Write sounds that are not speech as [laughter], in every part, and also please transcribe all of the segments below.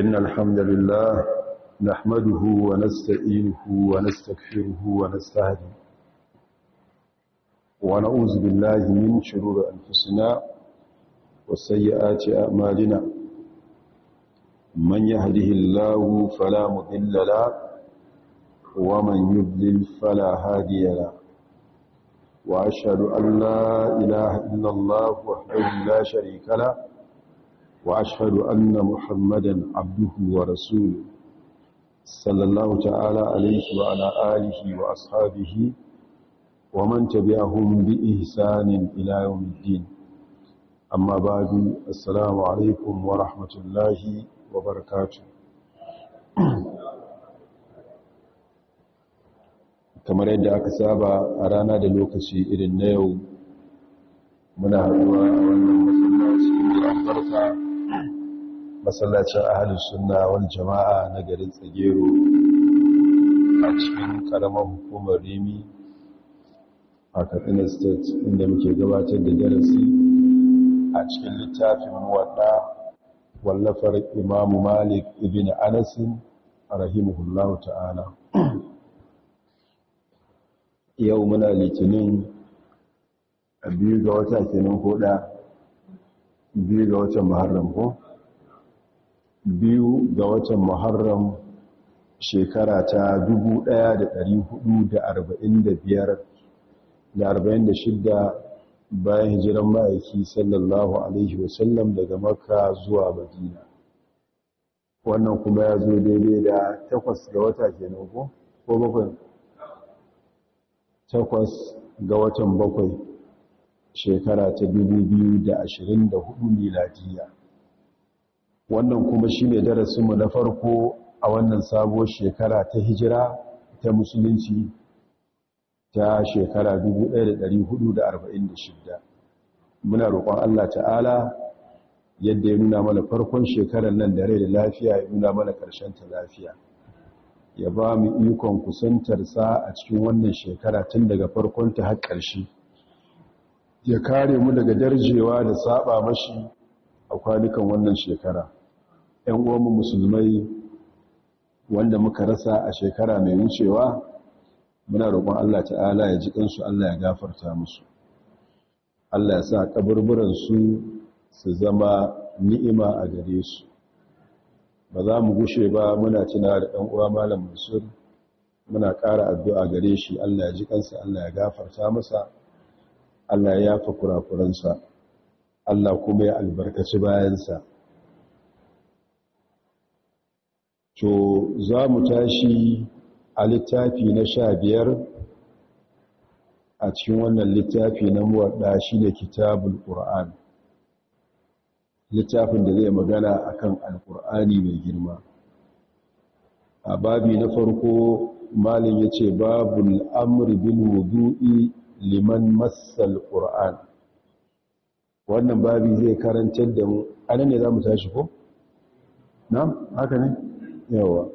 إن الحمد لله نحمده ونستئينه ونستكفره ونستهدي ونعوذ بالله من شرور أنفسنا وسيئات أعمالنا من يهده الله فلا مضل له ومن يضلل فلا هادي له وأشهد أن لا إله إلا الله وحده لا شريك له وأشهد أن محمدًا عبده ورسوله صلى الله تعالى عليه وعلى آله وأصحابه ومن تبعهم بإحسان إلى يوم الدين أما بعد السلام عليكم ورحمة الله وبركاته kamar yadda aka saba a rana da lokaci irin na yau muna haɗuwa a wannan masallaci mai albarka masallacin ahalin suna wani jama'a na garin tsagero a cikin karamar hukumar rimi a katsina state inda muke gabatar da darasi a cikin littafin wadda wallafar imamu malik ibn anasin a rahimahullahu ta'ala yau muna litinin a biyu ga wata kenan koda biyu ga watan muharram ko biyu ga watan muharram shekara ta 1445 da 46 bayan hijiran ma'aiki sallallahu alaihi wasallam daga makka zuwa madina wannan kuma ya zo daidai da takwas ga wata ke ko ko bakwai takwas ga watan bakwai shekara ta 2024 miladiya wannan kuma shi ne darasinmu na farko a wannan sabuwar shekara ta hijira ta musulunci ta shekara 1446 muna roƙon Allah ta'ala yadda ya nuna mana farkon shekarar nan da rai da lafiya ya nuna mana ƙarshen ta lafiya ya ba mu ikon kusantarsa a cikin wannan shekara tun daga farkon ta har ƙarshe ya kare mu daga darjewa da saba mashi a kwanukan wannan shekara 'yan uwanmu musulmai wanda muka rasa a shekara mai wucewa muna roƙon Allah ta'ala ya ji ɗansu Allah ya gafarta musu Allah ya sa ƙaburburansu su zama ni'ima a gare su ba za mu gushe ba muna cina da ɗan uwa malam musul muna ƙara addu'a gare shi Allah ya ji ƙansa Allah ya gafarta masa Allah ya yafa kurakuransa Allah kuma ya albarkaci bayansa to za mu tashi a littafi na sha biyar a cikin wannan littafi na muwaɗa shi ne kitabul ƙura'an littafin da zai magana a kan alƙur'ani mai girma a babi na farko malin ya ce babul amri bin wudu'i liman matsal ƙura'an wannan babi zai karantar da mu ne za mu tashi ko? na haka ne? yawa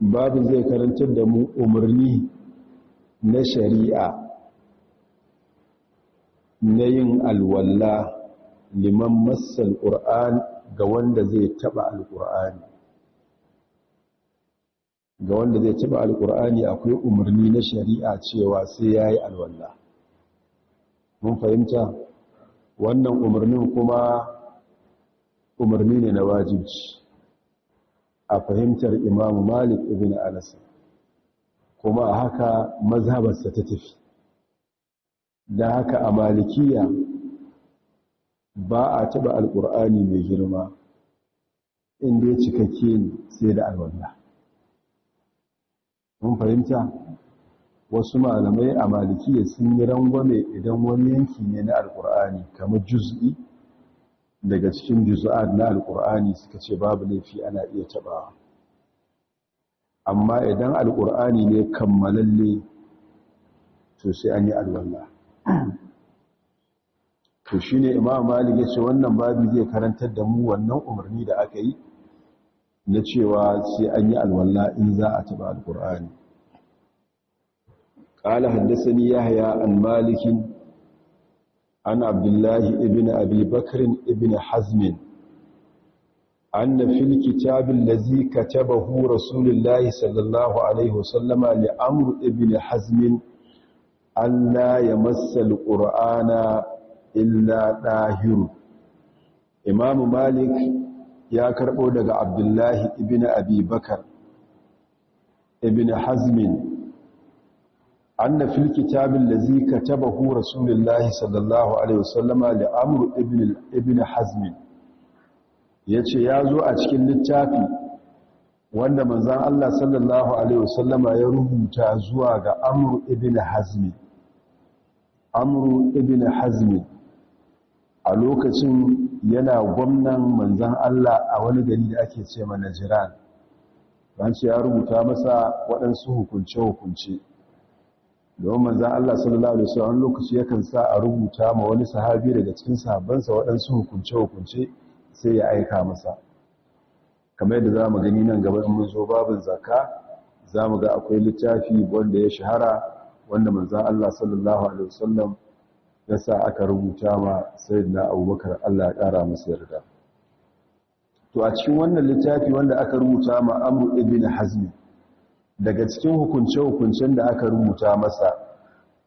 babu zai karantar da mu umarni na shari'a na yin alwalla liman massal ƙur'an ga wanda zai taɓa alƙur'ani ga wanda zai taɓa alƙur'ani akwai umarni na shari'a cewa sai ya yi alwalla mun fahimta wannan umarnin kuma umarni ne na wajibci a fahimtar imamu malik ibn anas kuma a haka mazhabarsa ta tafi da haka a malikiya ba a taɓa alƙur'ani mai girma inda ya cikakke ne sai da alwallah mun fahimta wasu malamai a malikiya sun yi rangwame idan wani yanki ne na alƙur'ani kamar juz'i daga cikin juzu'ad na alkur'ani suka ce babu laifi ana iya taɓawa amma idan alkur'ani ne kammalalle to sai an yi alwalla [clears throat] to shi ne imam malik ya ce wannan babu zai karantar da mu wannan umarni da aka yi na cewa sai an yi alwalla in za a taɓa alkur'ani قال حدثني يحيى عن almalikin. an abdullahi ibn abi bakrin ibn hazmin anna fil kitabin lazi katabahu rasulullahi sallallahu alaihi wasallama li amru ibn hazmin alla yamassa alqur'ana illa dahiru imam malik ya karɓo daga abdullahi ibn abi bakr ibn hazmin anna fil kitabil ladzi katabahu rasulullahi sallallahu alaihi wasallama li amr ibn ibn hazm yace yazo a cikin littafi wanda manzon Allah sallallahu alaihi wasallama ya rubuta zuwa ga amr ibn hazm amr ibn hazm a lokacin yana gwamnan manzan Allah a wani gari da ake ce mana jiran ban ya rubuta masa waɗansu hukunce-hukunce don manzan Allah sallallahu Alaihi wani lokaci yakan sa a rubuta ma wani sahabi daga cikin sahabansa waɗansu hukunce-hukunce sai ya aika masa kamar yadda za mu gani nan gaba in mun zo babin zaka za mu ga akwai littafi wanda ya shahara wanda manzan Allah sallallahu Alaihi wasallam ya sa aka rubuta ma na abubakar Allah ya ƙara masa yarda to a cikin wannan littafi wanda aka rubuta ma amru ibn hazmi daga cikin hukunce-hukuncen da aka rubuta masa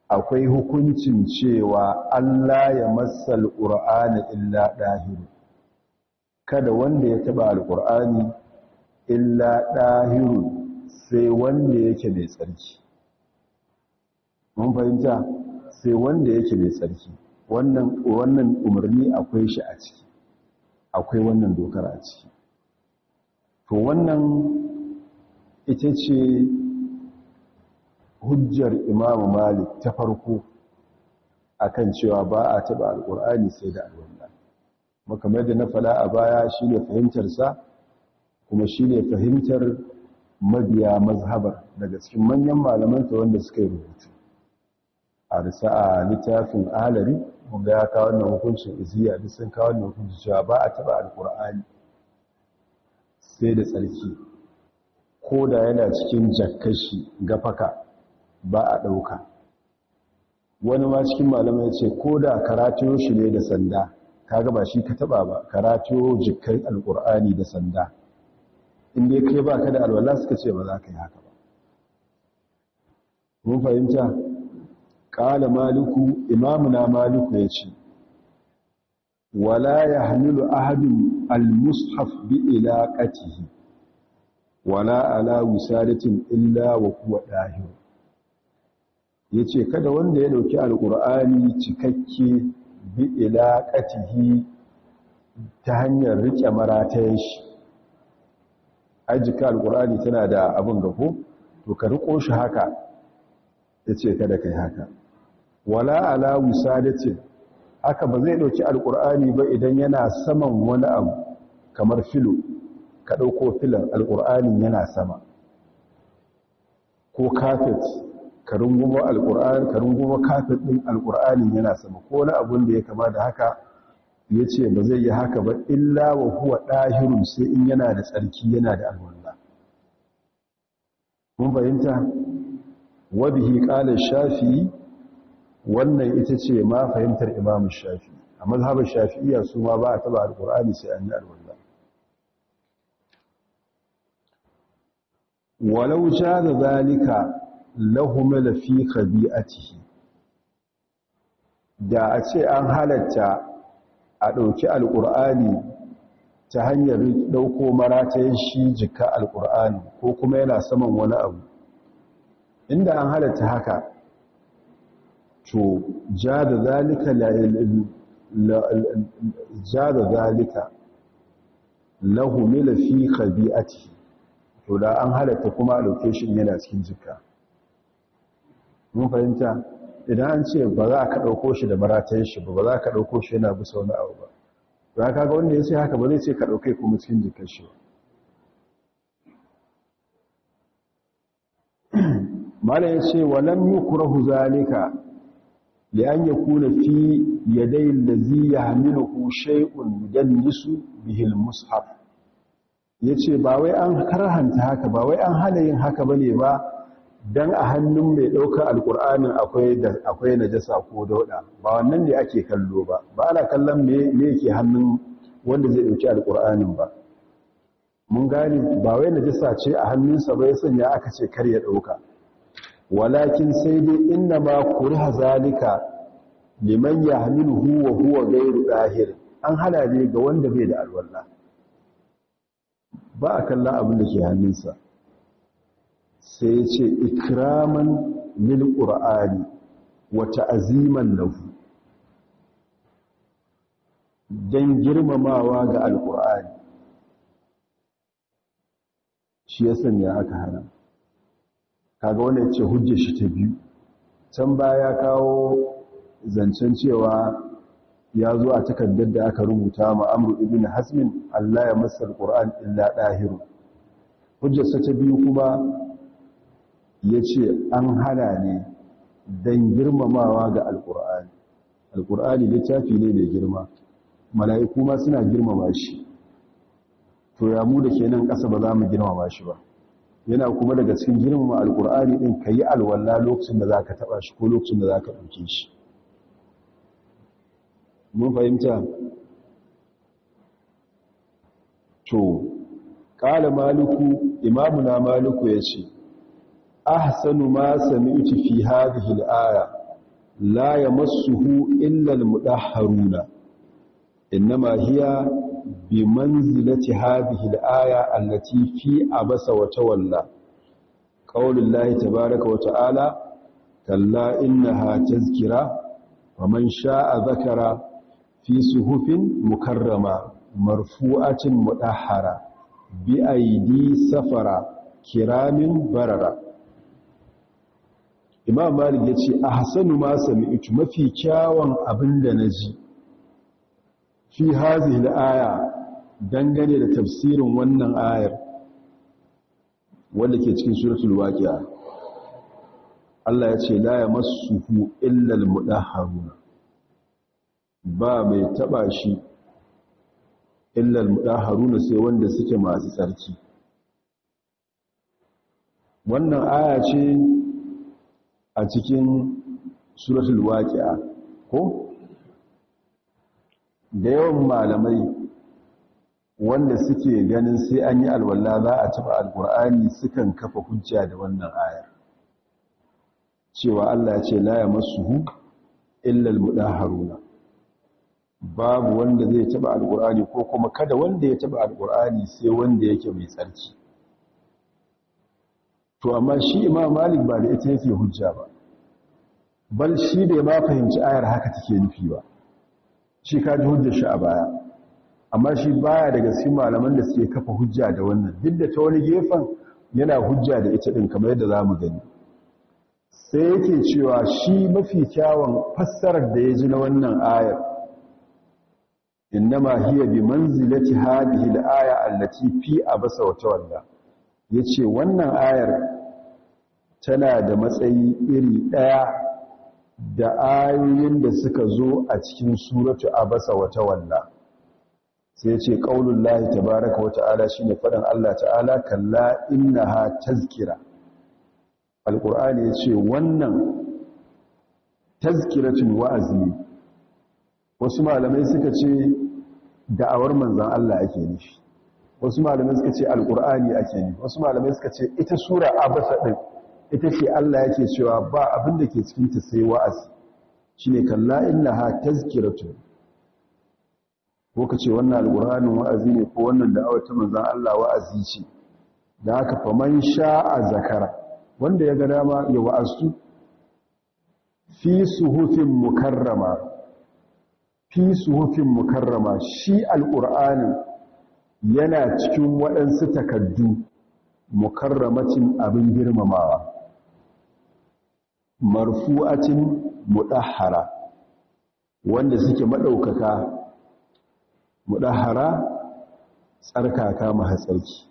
akwai hukuncin cewa Allah ya matsa ƙur'ani illa ɗahiru kada wanda ya taɓa alƙur'ani illa ɗahiru sai wanda yake mai tsarki mun fahimta sai wanda yake mai tsarki wannan umarni akwai shi a ciki akwai wannan dokar a ciki to wannan ita ce hujjar imamu malik ta farko akan cewa ba a taɓa alƙur'ani sai da alwallah makamai da na fala a baya shi ne fahimtarsa kuma shi ne fahimtar mabiya mazhabar daga cikin manyan malamanta wanda suka yi rubutu a risa a littafin alari wanda ya kawo wannan hukuncin iziya duk sun kawo wannan hukuncin cewa ba a taɓa alƙur'ani sai da tsarki ko da yana cikin jakkashi gafaka ba a ɗauka wani ma cikin malamai ya ce ko da karatiyo shi ne da sanda kaga ba shi ka taba ba karatiyo jikai Alƙur'ani da sanda inda ya ba ka da alwala suka ce ba za ka yi haka ba mun fahimta ƙala maliku imamuna maliku ya ce wala ya hamilu almushaf bi ilaƙatihi wala ala wisadatin illa wa huwa dahir yace kada wanda ya dauki alqur'ani cikakke bi ilaqatihi ta hanyar rike maratayen shi ajika alqur'ani tana da abun gafo to ka riko shi haka yace kada kai haka wala ala wisadatin haka ba zai dauki alqur'ani ba idan yana saman wani abu kamar filo ka ɗauko filan alƙur'anin yana sama ko kafet ka rungumo alƙur'an ka kafet ɗin alƙur'anin yana sama ko na abin da ya kama da haka ya ce ba zai yi haka ba illa wa huwa ɗahirun sai in yana da tsarki yana da alwallah mun fahimta wabihi ƙalar shafi wannan ita ce ma fahimtar imamun shafi a mazhabar shafi'iya su ma ba a taɓa alƙur'ani sai an yi alwallah walau jaza zalika lahumala fi khabi'atihi da a ce an halatta a ɗauki alƙur'ani ta hanyar ɗauko maratayin shi jika alƙur'ani ko kuma yana saman wani abu inda an halatta haka to ja da zalika ja da zalika lahu mila to da an halatta kuma location yana cikin jikka mun fahimta idan an ce ba za ka ɗauko shi da maratayen shi ba ba za ka ɗauko shi yana bisa wani abu ba to ka ga wanda ya ce haka ba zai ce ka dauke kuma cikin jikkar shi [clears throat] mala ya ce walam yi kurahu zalika da an ya kuna fi yadai lazi ya hamilu shai'un nisu bihil mushaf ya ce ba wai an karhanta haka ba wai an hana yin haka ba ne ba Dan a hannun mai ɗaukar alkur'ani akwai najasa ko dauɗa ba wannan ne ake kallo ba ba ana kallon me yake hannun wanda zai ɗauki alkur'ani ba mun gane ba wai najasa ce a hannunsa ba ya sanya aka ce kar ya ɗauka walakin sai dai inna ma kurha zalika liman yahmiluhu wa huwa ghairu dahir an halale ne ga wanda bai da alwala ba a kalla abin da ke hannunsa sai ya ce ikraman lil qur'ani wa ta'ziman lahu dan girmamawa ga alqur'ani shi ya sanya aka hana kaga wannan ce hujjar shi ta biyu can baya kawo zancen cewa ya zo a takardar da aka rubuta ma amru ibn hasmin Allah ya masa alquran illa ɗahiru. hujjarsa ta biyu kuma ya ce an hana ne dan girmamawa ga alqur'ani alqur'ani littafi ne mai girma mala'iku ma suna girmama shi to ya mu da kenan ƙasa ba za mu girmama shi ba yana kuma daga cikin girmama alqur'ani din kayi alwala lokacin da zaka taɓa shi ko lokacin da zaka ɗauke shi mun fahimta to kala maluku imamuna maluku ya ce ahsanu ma samiuti fi hadhihi al-aya la yamassuhu illa al-mudahharuna inma hiya bi manzilati hadhihi al-aya allati fi abasa wa tawalla qaulullahi tabaaraka wa ta'ala kalla innaha tazkira wa man sha'a dhakara fi suhufin mukarrama marfu'atin mudahhara bi aidi safara kiramin barara imam malik yace ahsanu ma sami'tu mafi kyawun abinda naji fi hazi al-aya dangane da tafsirin wannan ayar wanda ke cikin suratul waqi'a Allah ya ce la yamassuhu illa al-mudahharuna ba mai taba shi illal mudahharuna sai wanda suke masu sarki. wannan aya ce a cikin suratul waqi'a ko da yawan malamai wanda suke ganin sai an yi alwala za a taba alqur'ani sukan kafa hujja da wannan aya cewa Allah ya ce la yamassuhu illal mudahharuna babu wanda zai taba alkur'ani ko kuma kada wanda ya taba alkur'ani sai wanda yake mai tsarki to amma shi imam malik ba da ita yake hujja ba bal shi da ma fahimci ayar haka take nufi ba shi ka ji hujjar shi a baya amma shi baya daga cikin malaman da suke kafa hujja da wannan duk da ta wani gefen yana hujja da ita din kamar yadda zamu gani sai yake cewa shi mafi kyawun fassarar da ya ji na wannan ayar innama hiya bi manzilati hadhihi al-aya a fi abasa wa tawalla yace wannan ayar tana da matsayi iri ɗaya da ayoyin da suka zo a cikin suratu abasa wa tawalla sai yace qaulullahi tabaaraka wa ta'ala shine fadan Allah ta'ala kalla innaha tazkira alqur'ani yace wannan tazkiratun wa'azi wasu malamai suka ce da'awar manzan Allah ake nufi wasu malamai suka ce alkur'ani ake ni. wasu malamai suka ce ita sura abasa din ita ce Allah yake cewa ba abin da ke cikin ta sai wa'az shine kalla innaha tazkiratu ko kace wannan alkur'anin wa'azi ne ko wannan da'awar ta manzan Allah wa'azi ce da haka man sha'a zakara wanda ya ga dama ya wa'azu fi suhufin mukarrama fi suhufin mukarrama shi alƙur'ani yana cikin waɗansu takaddu mukarramacin abin girmamawa marfu'acin mudahara wanda suke maɗaukaka mudahara tsarkaka mahatsarki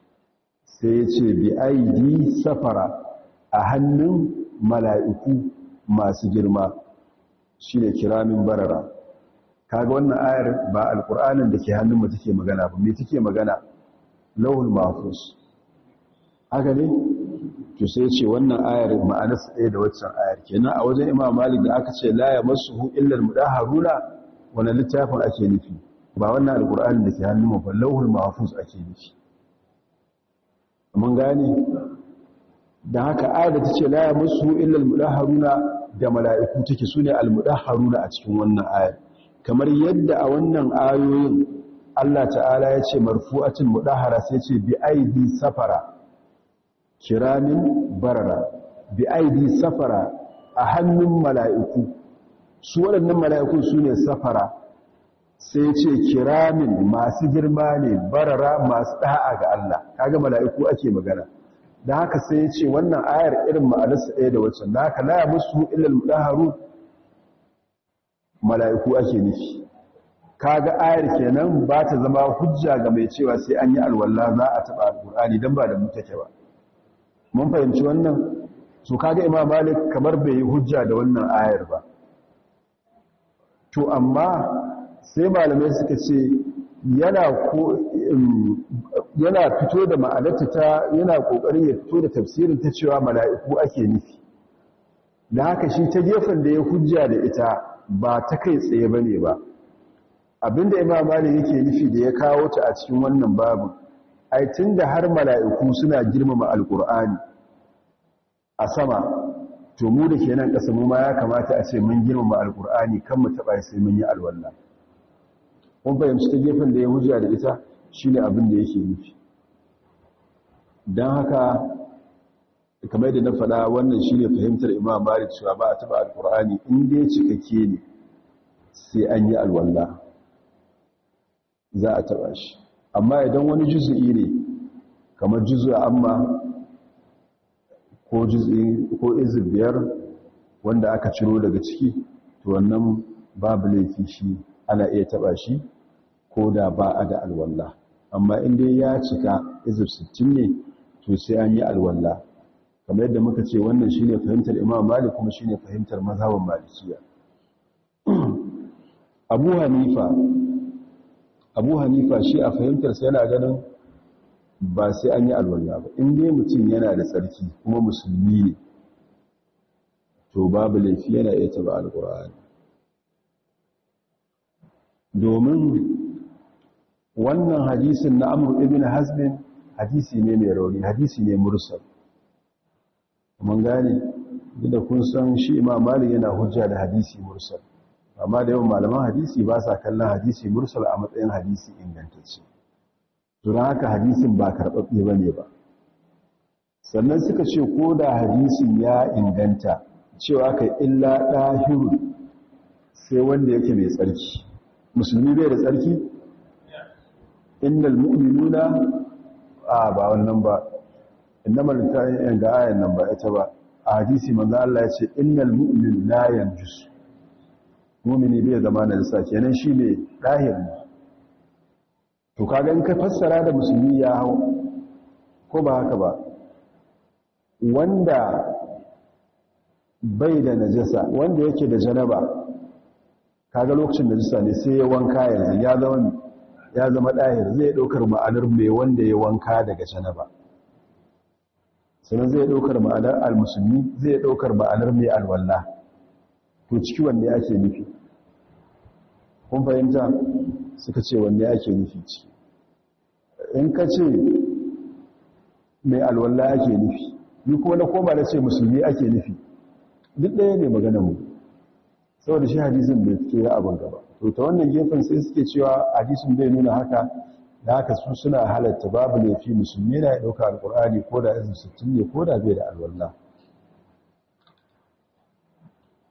sai ya ce bi aidi safara a hannun mala'iku masu girma shi ne kiramin barara kaga wannan ayar ba alqur'anin da ke hannun mu take magana ba me take magana lawul mahfuz haka ne to sai ce wannan ayar ma'anar sa da waccan ayar kenan a wajen imam malik da aka ce la yamassuhu illa almudahharuna wannan littafin ake nufi ba wannan alqur'anin da ke hannun mu ba lawul mahfuz ake nufi mun gane da haka ayar ta ce la yamassuhu illa almudahharuna da mala'iku take sune almudahharuna a cikin wannan ayar kamar yadda a wannan ayoyin Allah ta'ala ya ce marfu'atin mudahara sai ce bi aidi safara kiramin barara bi aidi safara a hannun mala'iku su waɗannan mala'iku su ne safara sai ce kiramin masu girma ne barara masu ɗa'a ga Allah kaga mala'iku ake magana da haka sai ce wannan ayar irin ma'anarsa ɗaya da wacce da haka la musu illal mudaharu mala'iku ake nufi kaga ayar kenan ba ta zama hujja ga mai cewa sai an yi alwala za a taɓa alƙur'ani don ba da mu take ba mun fahimci wannan so kaga imam malik kamar bai yi hujja da wannan ayar ba to amma sai malamai suka ce yana um, fito da ma'anarta ta yana kokarin ya fito da tafsirin ta cewa mala'iku ake nufi da haka shi ta gefen da ya hujja da ita ba ta kai tsaye ba ne ba abinda imam malik yake nufi da ya kawo ta a cikin wannan babu ai da har mala'iku suna girmama alqur'ani a sama to mu da kenan ƙasa, mu ma ya kamata a ce mun girmama alqur'ani kan mu taba sai mun yi alwala kun fahimci ta gefen da ya hujja da ita shine abin da yake nufi don haka kamar da na faɗa wannan shi ne fahimtar imam bari cewa ba a taɓa alƙur'ani in dai cikakke ne sai an yi alwalla za a taɓa shi amma idan wani juzu'i ne kamar juzu'i amma ko juzu'i ko biyar wanda aka ciro daga ciki to wannan babu laifi shi ana iya taɓa shi ko da ba a da alwalla. amma in dai ya cika izin 60 ne to sai an yi alwalla. kamar yadda muka ce wannan ne fahimtar imam malik kuma ne fahimtar mazhabin malikiya [clears throat] abu hanifa abu hanifa shi a fahimtarsa yana ganin ba sai an yi alwala ba in dai mutum yana da tsarki kuma musulmi ne to babu laifi yana iya taba alkur'ani domin wannan hadisin na amur ibn hasbin hadisi ne mai rauni hadisi ne mursal mun gane da kun san shi imam malik yana hujja da hadisi mursal amma da yawan malaman hadisi ba sa kallon hadisi mursal a matsayin hadisi ingantacce don haka hadisin ba karɓaɓɓe ba ne ba sannan suka ce ko da hadisin ya inganta cewa kai illa ɗahiru sai wanda yake mai tsarki musulmi bai da tsarki innal mu'minuna a ba wannan ba innamar ta yin ga ayan nan ba ita ba a hadisi manzo Allah ya ce innal mu'min la yanjus mu'mini bai zama na lissa kenan shine dahir to kaga in ka fassara da musulmi ya hau ko ba haka ba wanda bai da najasa wanda yake da janaba kaga lokacin najasa ne sai ya wanka yanzu ya zama ya zama zai ɗaukar ma'anar mai wanda ya wanka daga janaba sannan zai ɗaukar ma'anar al-musulmi zai ɗaukar ma'anar mai alwallah to ciki wanne ake nufi kun fahimta suka ce wanne ake nufi ciki in ka ce mai alwallah ake nufi ni ko na koma na ce musulmi ake nufi duk ɗaya ne maganarmu saboda shi hadisin bai fito ya abin gaba to ta wannan gefen sai suke cewa hadisin bai nuna haka da haka su suna halatta babu laifi musulmi na ya ɗauka alkur'ani ko da izin sittin ne ko da bai da alwallah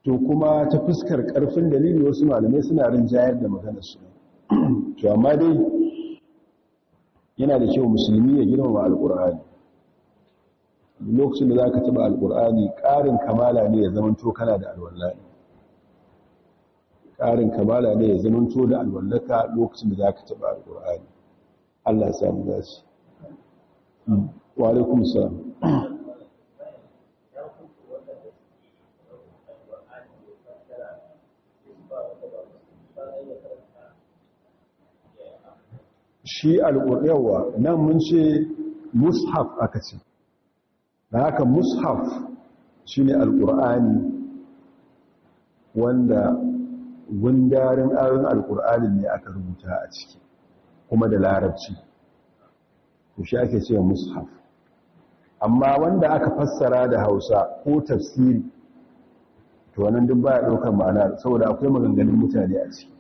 to kuma ta fuskar ƙarfin dalili wasu malamai suna rinjayar da maganarsu. su to amma dai yana da kyau musulmi ya girmama alkur'ani lokacin da za ka taɓa Alƙur'ani, ƙarin kamala ne ya zamanto kana da alwallah ƙarin kamala ne ya to da alwallaka lokacin da za ka taɓa alkur'ani Allah ya samu dace hmm. wa alaikum salam shi al'urɗewa nan mun ce mushaf aka ce da haka mushaf shi ne al'ur'ani wanda gundarin ayon al'ur'anin ne aka rubuta a ciki kuma da larabci ku shi ake ce mushaf amma wanda aka fassara da hausa ko tafsiri to wannan duk baya ɗaukar ma'ana saboda akwai maganganun mutane a ciki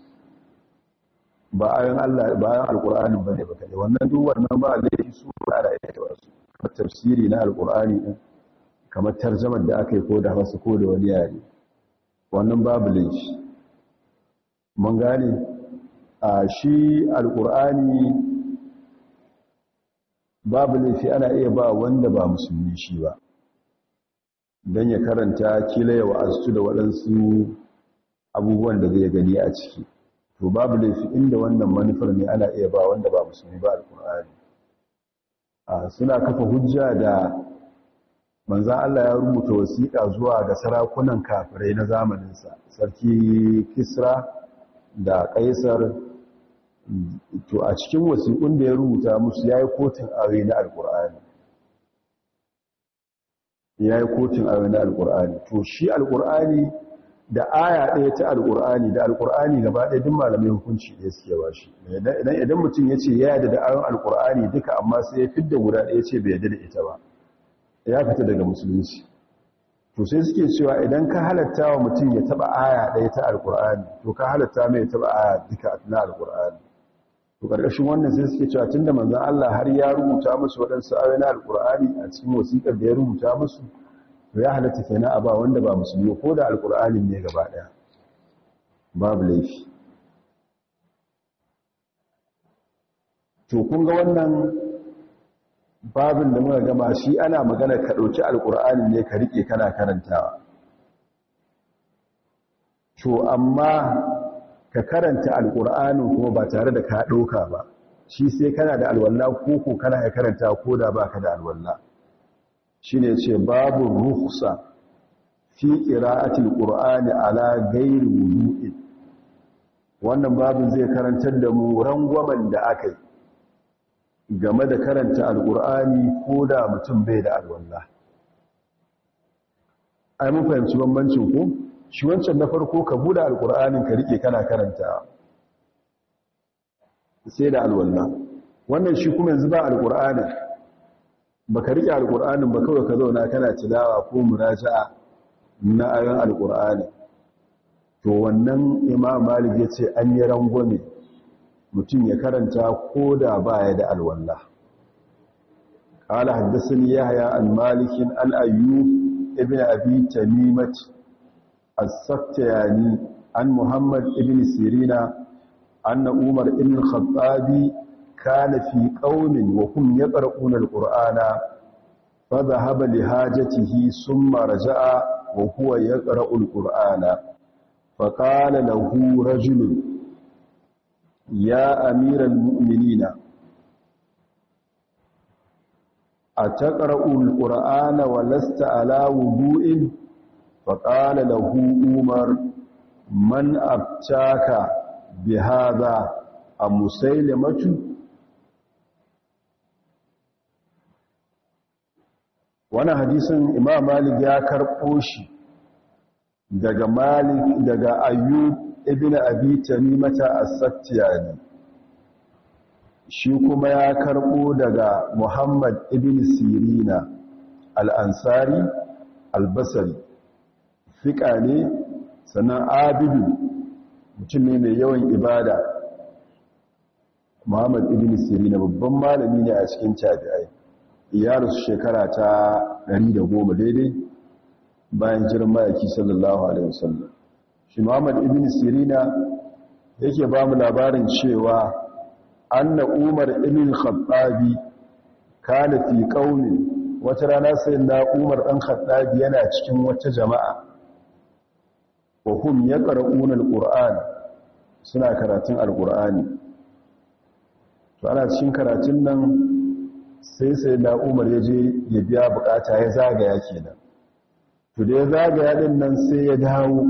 ba ayon Allah ba ayon alqur'ani bane ba kai wannan duk wannan ba laifi su ba da yake ba su tafsiri na alqur'ani din kamar tarjumar da aka yi ko da wasu ko da wani yare wannan babu laifi mun gane a shi alkur'ani babu laifi ana iya ba wanda ba musulmi shi ba don ya karanta kila ya wa'aztu da waɗansu abubuwan da zai gani a ciki to babu laifi inda wannan manufar ne ana iya ba wanda ba musulmi ba alkur'ani suna kafa hujja da manzan Allah ya rubuta wasiƙa zuwa ga sarakunan kafirai na zamaninsa sarki kisra da kaisar to a cikin wasiƙun da ya rubuta musu ya yi kotun aure na alƙur'ani ya yi aure na alƙur'ani to shi alƙur'ani da aya ɗaya ta alƙur'ani da alƙur'ani gaba ɗaya duk malamai hukunci ɗaya suke ba shi idan mutum ya ce ya yada da aron alƙur'ani duka amma sai ya fidda guda ɗaya ce bai yada da ita ba ya fita daga musulunci to sai suke cewa idan ka halatta wa mutum ya taɓa aya ɗaya ta alƙur'ani to ka halatta mai ya taɓa aya duka na alƙur'ani to karkashin wannan sai suke cewa tunda manzon Allah har ya rubuta musu waɗansu ayoyi na alkur'ani a cikin wasiƙar da ya rubuta musu to ya halatta kenan a ba wanda ba musulmi ko da alkur'ani ne gaba ɗaya babu laifi to kun ga wannan babin da muka gama shi ana magana ka ɗauki alkur'ani ne ka rike kana karantawa to amma ka karanta alƙur'anin kuma ba tare da ka ɗauka ba shi sai kana da alwalla ko ko kana ya karanta ko da ba ka da alwalla shi ne ce babu ruhsa fi ƙira'atul ƙur'ani ala gairi wudu'i wannan babu zai karantar da mu rangwamen da aka yi game da karanta alƙur'ani ko da mutum bai da alwalla ai mun fahimci bambancin ko shi wancan na farko ka buɗe alƙur'anin ka riƙe kana karanta sai da alwalla wannan shi kuma yanzu ba alƙur'anin ba ka riƙe alƙur'anin ba kawai ka zauna kana tilawa ko muraja'a na ayon alƙur'anin to wannan imam malik ya ce an yi rangwame mutum ya karanta ko da baya da alwalla قال حدثني يحيى عن مالك عن ايوب ابن ابي تميمه as-saftiyani an muhammad ibn sirina anna umar ibn khattabi kana fi qaumin wa hum yaqra'una al-qur'ana fa dhahaba li hajatihi thumma raja'a wa huwa yaqra'u al-qur'ana fa qala lahu rajulun ya amiral mu'minina a taƙar'ul ƙur'ana wa lasta ala wudu'in faƙala lahu umar man abtaka bi hadha a musailamatu wannan hadisin imam malik ya karɓo shi daga malik daga ayyub ibn abi a as-sattiyani shi kuma ya karɓo daga muhammad ibn sirina al-ansari al fiƙa ne sannan abidu mutum ne mai yawan ibada muhammad ibn siri na babban malami ne a cikin tabi'ai ya rasu shekara ta 110 daidai bayan jirin ma'aiki sallallahu alaihi wasallam shi muhammad ibn sirina yake ba mu labarin cewa anna umar ibn khattabi kana fi wata rana sai na umar dan khattabi yana cikin wata jama'a wa hum yaqra'un al-qur'an suna karatun al-qur'ani to ana cikin karatun nan sai sai da Umar ya je ya biya bukata ya zagaya kenan to da ya zagaya din nan sai ya dawo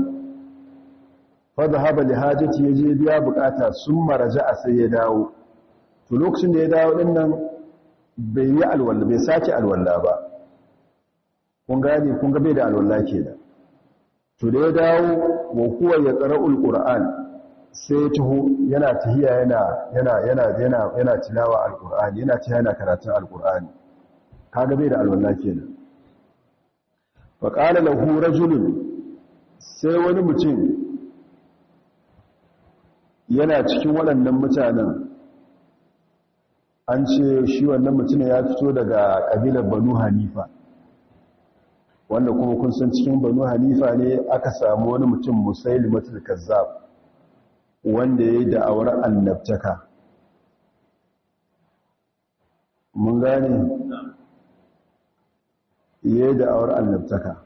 fa dhahaba li hajati ya je biya bukata sun maraja sai ya dawo to lokacin da ya dawo din nan bai yi alwala bai sake alwala ba kun gane kun ga bai da alwala kenan to da ya dawo wa kuwa ya tsara qur'an sai ya taho yana tahiya yana yana yana yana yana yana tahiya yana karatun alqur'ani kaga zai da alwala Ba fa qala lahu rajulun sai wani mutum yana cikin waɗannan mutanen an ce shi wannan mutum ya fito daga ƙabilar banu hanifa wanda kuma kun san cikin banu hanifa ne aka samu wani mutum musailimatul kazzab wanda ya yi da'awar annabtaka mun gane ya yi da'awar annabtaka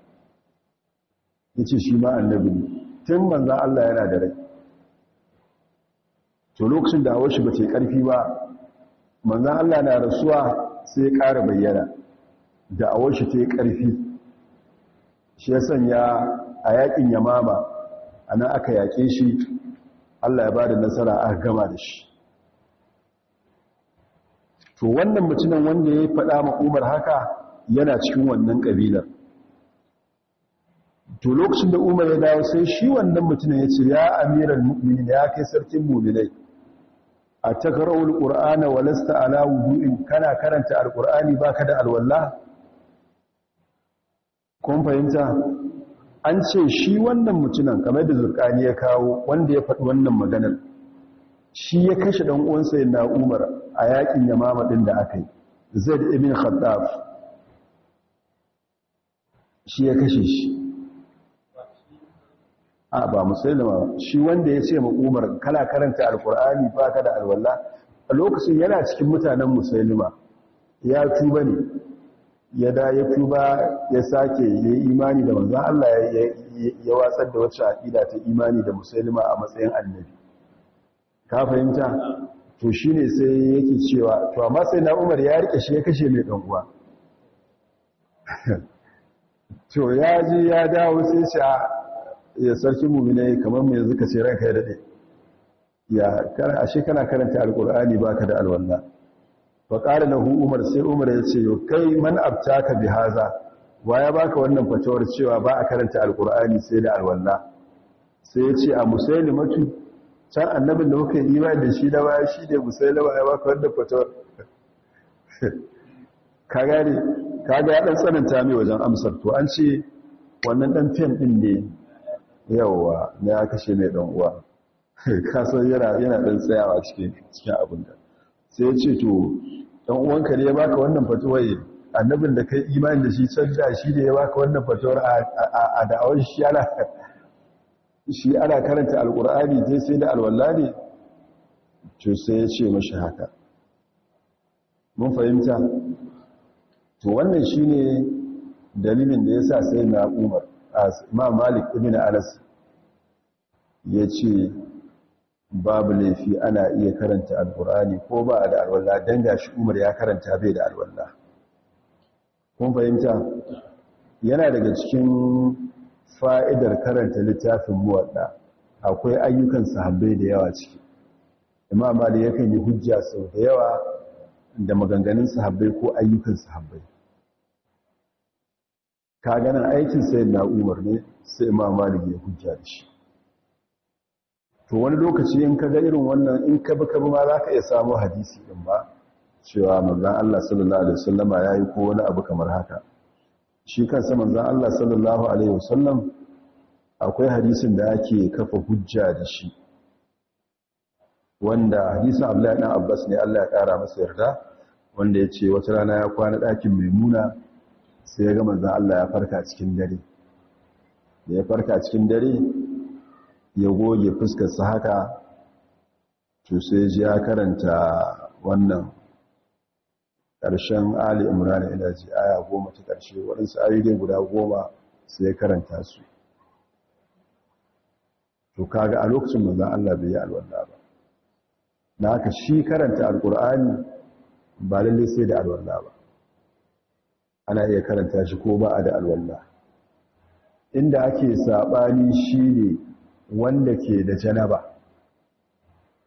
ya ce shi ma annabi ne tun manzan Allah yana da rai to lokacin da shi ba ce ƙarfi ba manzan Allah na rasuwa sai ya ƙara bayyana da shi ta yi ƙarfi shi ya sanya a yaƙin yamama a nan aka yaƙe shi allah ya ba da nasara aka gama da shi to wannan mutumin wanda ya faɗa ma umar haka yana cikin wannan ƙabilar to lokacin da umar ya dawo sai shi wannan mutumin ya ce ya amiral da ya kai sarkin mu'minai a takarar alƙur'ana walasta ala wudu'in kana karanta alƙur'ani baka da alwalla kun fahimta an ce shi wannan mutunan kamar da zurkani ya kawo wanda ya faɗi wannan maganar shi ya kashe ɗan uwansa yin na'umar a yaƙin yamma ɗin da aka yi zaid ibn khaddaf shi ya kashe shi a ba musulma shi wanda ya ce ma'umar umar kana karanta alkur'ani ba ka da alwallah a lokacin yana cikin mutanen musulma ya tuba ne ya da ya tuba ya sake ya imani da manzan Allah ya watsar da wacce aƙida ta imani da musulma a matsayin annabi ka fahimta to shi ne sai yake cewa to amma sai na umar ya rike shi ya kashe mai uwa. [laughs] to ya ji ya dawo sai shi ah, ya sarki mummina kamar mai zuka ce ranka ya daɗe ya ashe kana karanta ba baka da alwallah faƙari na hu umar sai umar ya ce yau kai man ka bi haza wa ya baka wannan fatawar cewa ba a karanta alkur'ani sai da alwallah sai ya ce a musaili matu can annabin da muka yi wa da shi da baya shi da musaili ba ya baka wannan fatawar [laughs] ka gane ka ga ya dan tsananta mai wajen amsar to an ce wannan dan fim din ne yawa na ya kashe mai dan uwa [laughs] ka san yana ɗan dan tsayawa cikin cikin abin da sai ya ce to dan uwanka ne ya baka wannan fatuwar annabin da kai imani da shi sanda shi ne ya baka wannan fatuwar a da'awar shi ana shi karanta alkur'ani sai sai da alwallani. to sai ya ce mashi haka mun fahimta to wannan shine dalilin da yasa sai na Umar ma Malik, Malik ibn Anas yace babu laifi ana iya karanta alkur'ani ko ba da alwala dan shi umar ya karanta bai da alwala kun fahimta yana daga cikin fa'idar karanta littafin muwadda akwai ayyukan sahabbai da yawa ciki imam mali yakan yi hujja sau da yawa da maganganun sahabbai ko ayyukan sahabbai ka ganin aikin sayyidina umar ne sai imam mali ya hujja da shi to wani lokaci in ka ga irin wannan in ka bi ka bi ma za ka iya samu hadisi din ba cewa manzan Allah sallallahu alaihi wasallama ya yi ko wani abu kamar haka shi kansa manzan Allah sallallahu alaihi wasallam akwai hadisin da ake kafa hujja da shi wanda hadisin Abdullahi dan Abbas ne Allah ya kara masa yarda wanda ya ce wata rana ya kwana ɗakin maimuna sai ya ga manzan Allah ya farka cikin dare ya farka cikin dare ya goge fuskarsa haka to sai ji ya karanta wannan ƙarshen ali imran ina ji aya goma ta ƙarshe waɗansu ayyukan guda goma sai karanta su to kaga a lokacin manzan Allah bai yi alwala ba na haka shi karanta alkur'ani ba lalle sai da alwala ba ana iya karanta shi ko ba a da alwalla. inda ake saɓani shi ne wanda ke da janaba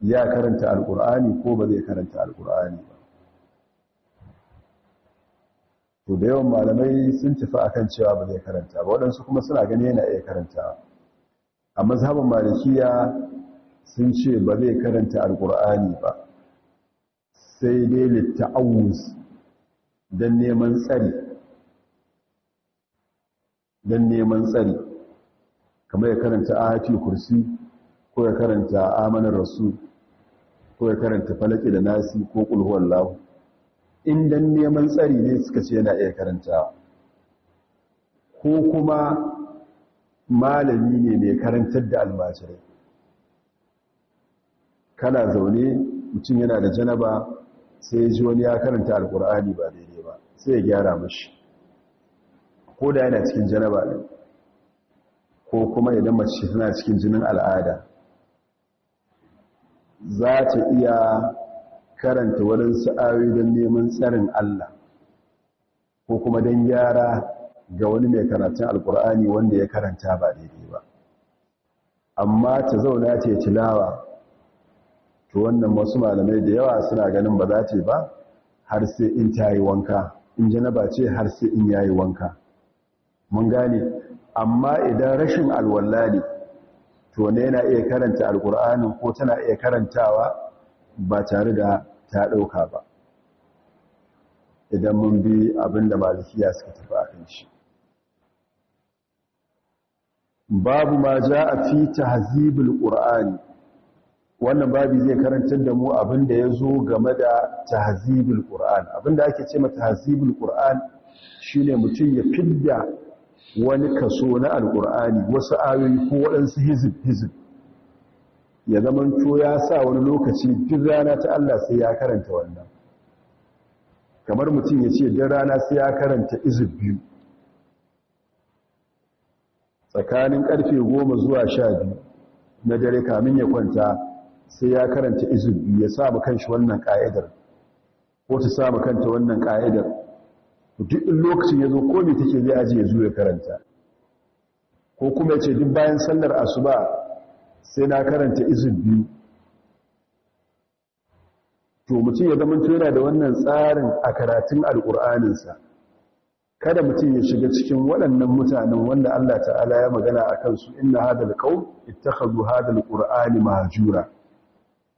ya karanta alkur'ani ko ba zai karanta alkur'ani ba to da yawan malamai sun tafi akan cewa ba zai karanta ba waɗansu kuma suna gani yana iya karanta a mazhabin malikiya sun ce ba zai karanta alkur'ani ba sai dai litta'awuz don neman tsari don neman tsari kamar ya karanta ayatul kursi ko ya karanta amanar rasul ko ya karanta falaki da nasi ko kulhuwallahu in dan neman tsari ne suka ce yana iya karanta ko kuma malami ne mai karantar da almajirai kana zaune mutum yana da janaba sai ji wani ya karanta alkur'ani ba daidai ba sai ya gyara mashi ko da yana cikin janaba ne ko kuma idan mace tana cikin jinin al'ada za ta iya karanta waɗansu ayoyi don neman tsarin Allah ko kuma don gyara ga wani mai karatun alkur'ani wanda ya karanta ba daidai ba amma ta zauna ce tilawa to wannan wasu malamai da yawa suna ganin ba za ce ba har sai in ta yi wanka in janaba ce har sai in yayi wanka mun gane amma idan rashin alwala ne to ne yana iya karanta alkur'anin ko tana iya karantawa ba tare da ta ɗauka ba idan mun bi abin da malikiya suka tafi a kan shi babu ma ja a fi tahzibul qur'ani wannan babu zai karantar da mu abin da ya zo game da tahzibul qur'an abin da ake ce ma tahzibul qur'an shine mutum ya fidda wani kaso na alkur'ani wasu ayoyi ko waɗansu hizib hizib ya zamanto ya sa wani lokaci duk rana ta Allah sai ya karanta wannan kamar mutum ya ce duk rana sai ya karanta izib biyu tsakanin karfe goma zuwa sha biyu na dare kamin ya kwanta sai ya karanta izib biyu ya sa kanshi wannan ka'idar ko ta sa kanta wannan ƙa'idar. duk in lokacin ya zo ko me take zai aji ya zo ya karanta ko kuma ya ce duk bayan sallar asuba sai na karanta izin biyu to mutum ya zama yana da wannan tsarin a karatun alƙur'aninsa kada mutum ya shiga cikin waɗannan mutanen wanda Allah ta'ala ya magana a kansu inna hadal ita ittakhadhu hadal ƙur'ani mahajura,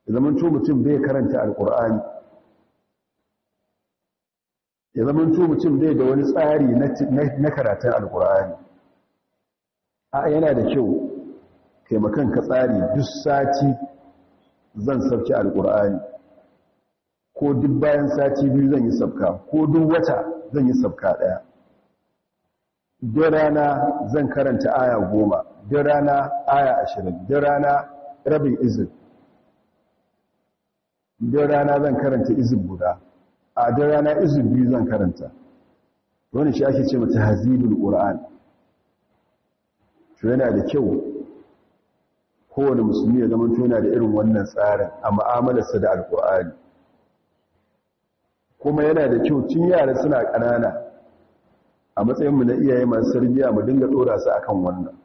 ya to mutum bai karanta al'ur'ani ya zama mutum dai da wani tsari na karatun alkur'ani a yana da kyau taimakon ka tsari duk sati zan sauki alkur'ani ko duk bayan sati biyu zan yi sabka ko duk wata zan yi sabka daya duk rana zan karanta aya goma duk rana aya ashirin duk rana rabin izin duk rana zan karanta izin guda a da rana izin biyu zan karanta wani shi ake ce mata hazibul ƙura'an shi yana da kyau kowane musulmi ya zama yana da irin wannan tsarin a ma'amalarsa da alƙura'ani kuma yana da kyau tun yara suna ƙanana a matsayinmu na iyaye masu sarbiya mu dinga ɗora su akan wannan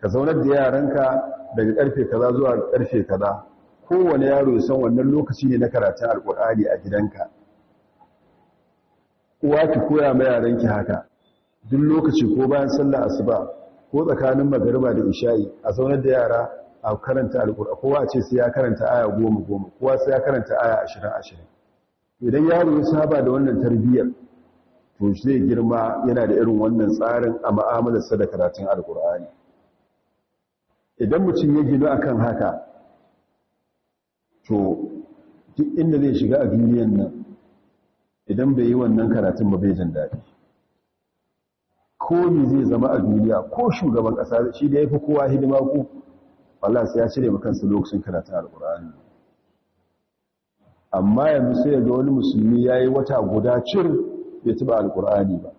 ka zaunar da yaranka daga ƙarfe kaza zuwa ƙarfe kaza kowane yaro ya san wannan lokaci ne na karatun alƙur'ani a gidanka uwa ki koya ma yaran ki haka duk lokaci ko bayan sallar asuba ko tsakanin magariba da isha'i a zaunar da yara a karanta alƙur'ani kowa ce sai ya karanta aya goma goma kowa sai ya karanta aya ashirin ashirin idan yaro ya saba da wannan tarbiyyar to zai girma yana da irin wannan tsarin a ma'amalarsa da karatun alƙur'ani idan mutum ya gina akan haka to duk inda zai shiga a duniyan nan idan bai yi wannan karatun ba bai jin daɗi ko me zai zama a duniya ko shugaban ƙasa shi da ya fi kowa hidima ku. Allah sai ya cire maka kansa lokacin karatun alƙur'ani amma yanzu sai ga wani musulmi ya yi wata guda cir ya ba alƙur'ani ba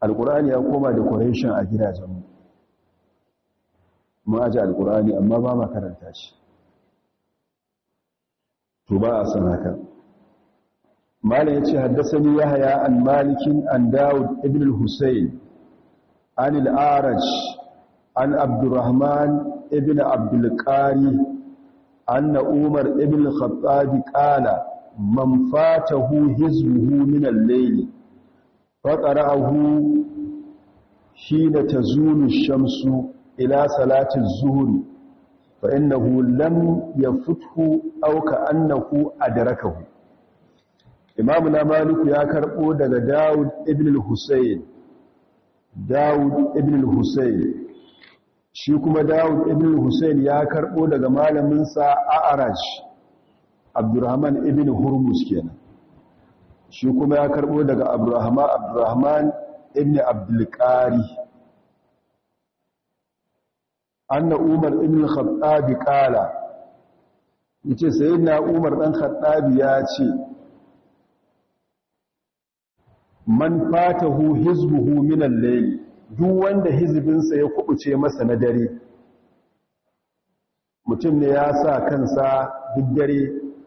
alƙur'ani ya koma decoration a gidajen mu mu alƙur'ani amma ba ma karanta shi to ba a san haka malam yace haddathani haya an malikin an Dawud, ibn al-husayn an al-araj an abdurrahman ibn abdul an anna umar ibn al-khattab qala man fatahu hizbuhu min al-layl faqara'ahu hina tazulu ash-shamsu ila salati az-zuhri fa innahu lam yafuthu aw ka annahu adrakahu imamu na maliku ya karɓo daga dawud ibn al-husayn dawud ibn al-husayn shi kuma dawud ibn al-husayn ya karɓo daga malaminsa a'araj abdurrahman ibn hurmus kenan shi kuma ya karɓo daga abdurrahman abdurrahman ibn abdulkari anna umar ibn al-khattabi qala yace sayyidina umar dan khattabi ya ce man fatahu hizbuhu min al-layl duk wanda hizbinsa ya kubuce masa na dare mutum ne ya sa kansa duk dare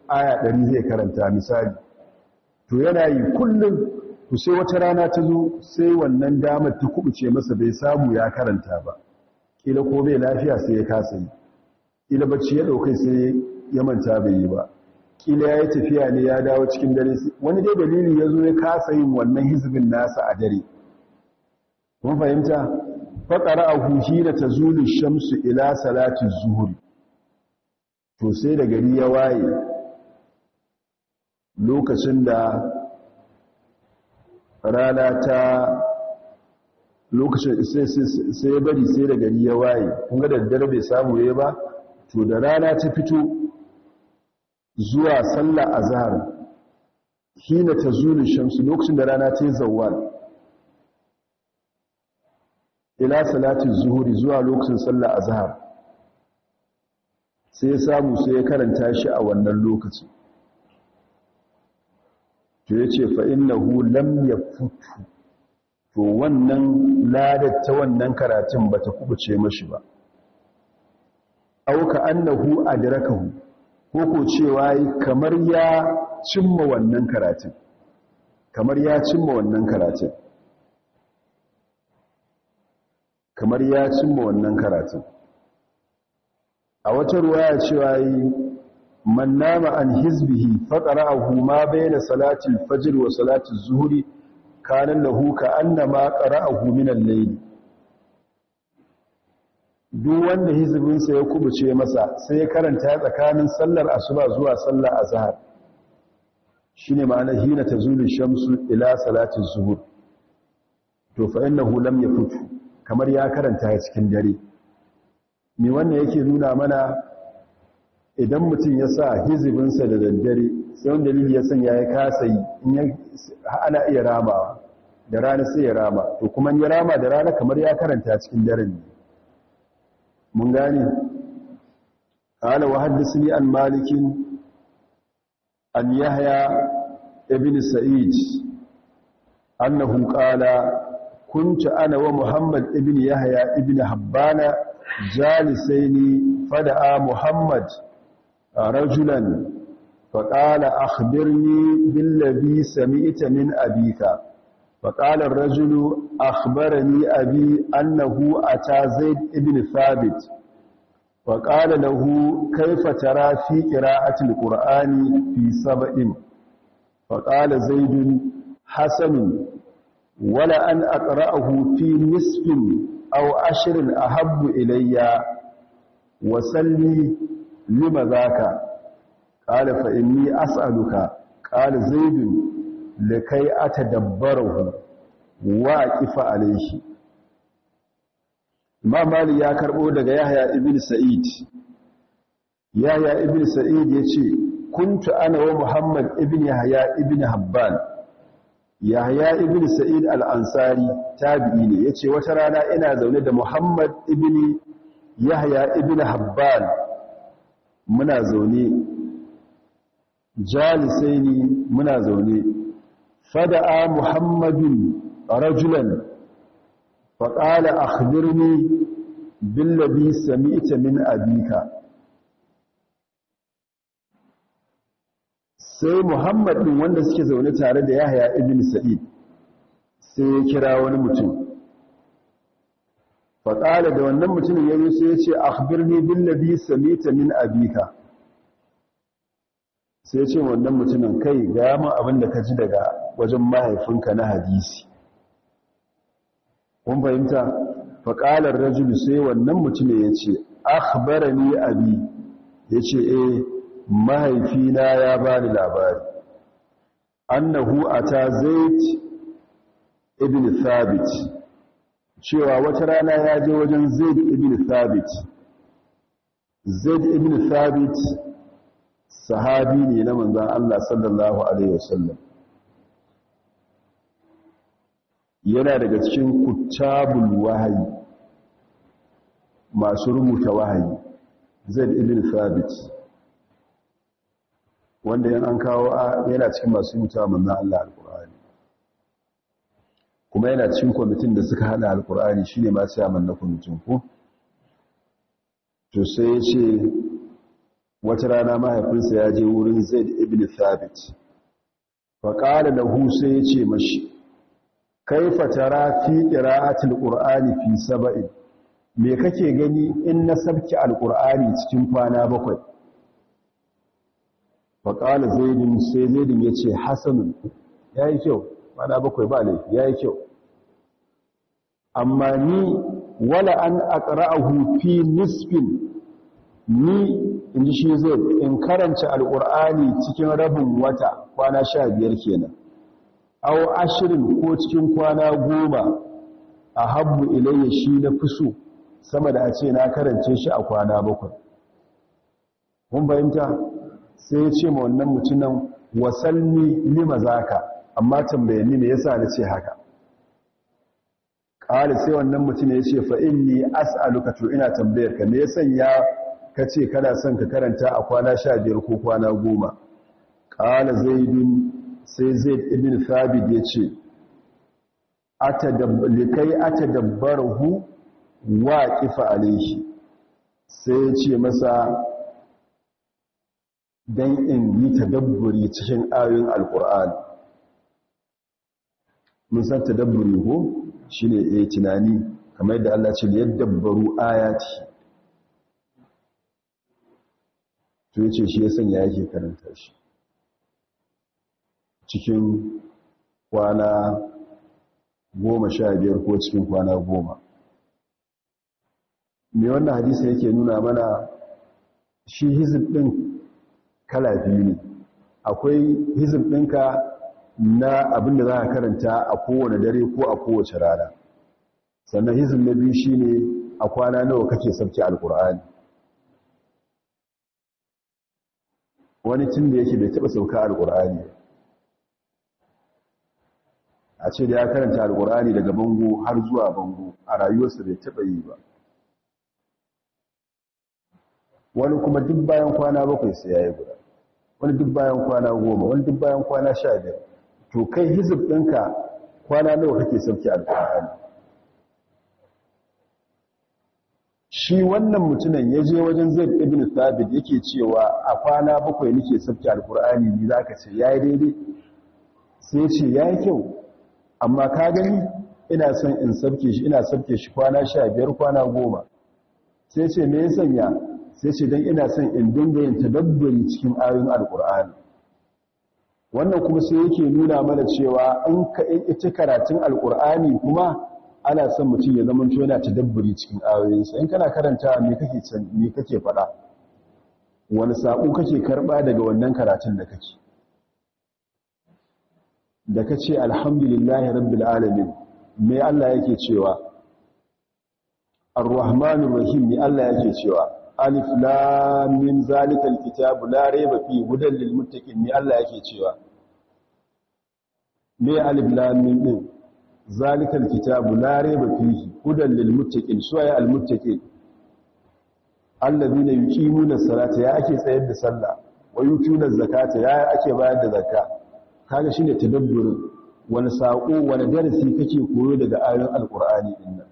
aya 100 zai karanta misali to yana yi kullum to sai wata rana ta zo sai wannan damar ta kubuce masa bai samu ya karanta ba kila ko bai lafiya sai ya kasa yi kila bacci ya dauke sai ya manta bai yi ba kila ya yi tafiya ne ya dawo cikin dare wani dai dalili ya zo ya kasa yin wannan hizbin nasa a dare Kun fahimta faƙara a hushi da ta zuli shamsu ila salatin zuhuri to sai da gari ya waye lokacin da rana ta lokacin sai bari sai da gari ya waye kun ga daddare bai samu ya ba to da rana ta fito zuwa sallah azhar hina tazulu shamsu lokacin da rana ta zawwal ila salati zuhuri zuwa lokacin sallah azhar sai ya samu sai ya karanta shi a wannan lokaci to yace fa innahu lam yafutu to wannan ladar ta wannan karatun bata kubuce mashi ba auka annahu adrakahu ko ko cewa kamar ya cimma wannan karatun kamar ya cimma wannan karatun kamar ya cimma wannan karatun a wata ruwaya cewa yi man nama an hizbihi faqara'ahu ma bayna salati fajr wa salati zuhri kana lahu ka annama qara'ahu min al-layl duk wanda hizibinsa ya kubuce masa sai ya karanta tsakanin sallar asuba zuwa sallar azhar shine ma'ana, hina tazulu shamsu ila salati zuhur to fa innahu lam fito, kamar ya karanta ya cikin dare me wannan yake nuna mana idan mutum ya sa hizibinsa da daddare sai wanda dalili ya sanya ya kasa yi ana iya ramawa da rana sai ya rama to kuma ya rama da rana kamar ya karanta cikin dare ne mun gani ƙala wa haddisa ne an malikin an yahya ibn sa'id annahu ƙala kun ci ana muhammad Ibin yahya ibn habbana jalisai ne fada'a muhammad rajulan faƙala akhbirni billabi sami'ita min abika. ka فقال الرجل أخبرني أبي أنه أتى زيد بن ثابت فقال له كيف ترى في قراءة القرآن في سبع فقال زيد حسن ولا أن أقرأه في نصف أو عشر أحب إلي وسلي لم ذاك قال فإني أسألك قال زيد likai atadabbarahu wa aqifa alayhi Imam Malik ya karbo daga Yahya ibn Sa'id Yahya ibn Sa'id yace kuntu ana wa Muhammad ibn Yahya ibn Habban Yahya ibn Sa'id al-Ansari tabi'i ne yace wata rana ina zaune da Muhammad ibn Yahya ibn Habban muna zaune jalisai ne muna zaune fada'a muhammadin rajulan faƙala akhbirni billabi sami'ta min abika sai muhammad ɗin wanda suke zaune tare da yahya ibn sa'id sai ya kira wani mutum faƙala da wannan mutumin ya sai ya ce akhbirni billabi sami'ta min abika sai ya ce wannan mutumin kai ga mu abin da ka ji daga wajen mahaifinka na hadisi kun fahimta faƙalar rajulu sai wannan mutum ya ce akhbarani abi ya ce eh mahaifina ya bani labari annahu ata zaid ibn thabit cewa wata rana ya je wajen zaid ibn thabit zaid ibn thabit sahabi ne na manzon Allah sallallahu alaihi wasallam yana daga cikin kutabul wahayi masu rubuta wahayi zaid ibn thabit wanda yan an kawo yana cikin masu rubuta manna Allah alqur'ani kuma yana cikin kwamitin da suka hada alqur'ani shine ma sai amanna kwamitin ko to sai ya ce wata rana mahaifinsa ya je wurin zaid ibn thabit fa da lahu sai ya ce mashi kaifa tara fi qira'atil qur'ani fi sab'i me kake gani in na sabki alqur'ani cikin kwana bakwai fa qala zaidun sai zaidun yace hasan yayi kyau kwana bakwai ba laifi yayi kyau amma ni wala an aqra'ahu fi nisfin ni in ji shi zai in karanta alqur'ani cikin rabin wata kwana 15 kenan aw ashirin ko cikin kwana goma a habbu ilayya shi na fuso sama da a ce na karance shi a kwana bakwai mun fahimta sai ya ce ma wannan mutumin wasalmi lima zaka amma tambaye ni me yasa na ce haka ƙari sai wannan mutum ya ce fa'in ni as'aluka to ina tambayar ka me ya sanya ka kana son ka karanta a kwana sha biyar ko kwana goma ƙala zaidun sai zai ibn thabit ya ce likai ata hu wa kifa alaihi sai ya ce masa don in yi tadabburi cikin ayoyin alkur'an mun san tadabburi ko shi ne ya eh, tunani kamar yadda allah ce ya dabbaru ayati to ya ce shi ya sanya yake karanta shi cikin kwana goma sha biyar ko cikin kwana goma mai wannan hadisa yake nuna mana shi hizib ɗin kala biyu ne akwai hizib ɗinka na abin da za a karanta a kowane dare ko a kowace rana sannan hizib na biyu shi ne a kwana nawa kake sabci alkur'ani wani cin da yake bai taɓa sauka alkur'ani a ce da ya karanta alkur'ani daga bango har zuwa bango a rayuwarsa bai taɓa yi ba wani kuma duk bayan kwana bakwai sai ya yi guda wani duk bayan kwana goma wani duk bayan kwana sha biyar to kai hizib ɗinka kwana nawa kake sauke alkur'ani shi wannan mutumin ya je wajen zai ibn thabit yake cewa a kwana bakwai nake sauke alkur'ani ni za ka ce ya yi daidai sai ce ya yi kyau amma ka gani ina son in sabke shi ina sabke shi kwana sha biyar kwana goma sai ce me ya sanya sai ce don ina son in dinga yin tadabbari cikin ayoyin alkur'ani wannan kuma sai yake nuna mana cewa in ka ita karatun alkur'ani kuma ana son mutum ya zama to yana tadabburi cikin sa in kana karanta me kake me kake faɗa wani sako kake karba daga wannan karatun da kake da ka ce alhamdulillahi rabbil alamin mai Allah yake cewa ar rahim mai Allah yake cewa alif lam min zalikal kitabu la rayba fi hudan lil muttaqin mai Allah yake cewa mai alif lam min din zalikal kitab la rayba fi hudan lil muttaqin ya al muttaqin allazina yuqimuna salata ya ake tsayar da sallah wa yutuna zakata ya ake bayar da zakata kaga shi ne tadabburin wani saƙo wani darasi kake koyo daga ayoyin alƙur'ani din nan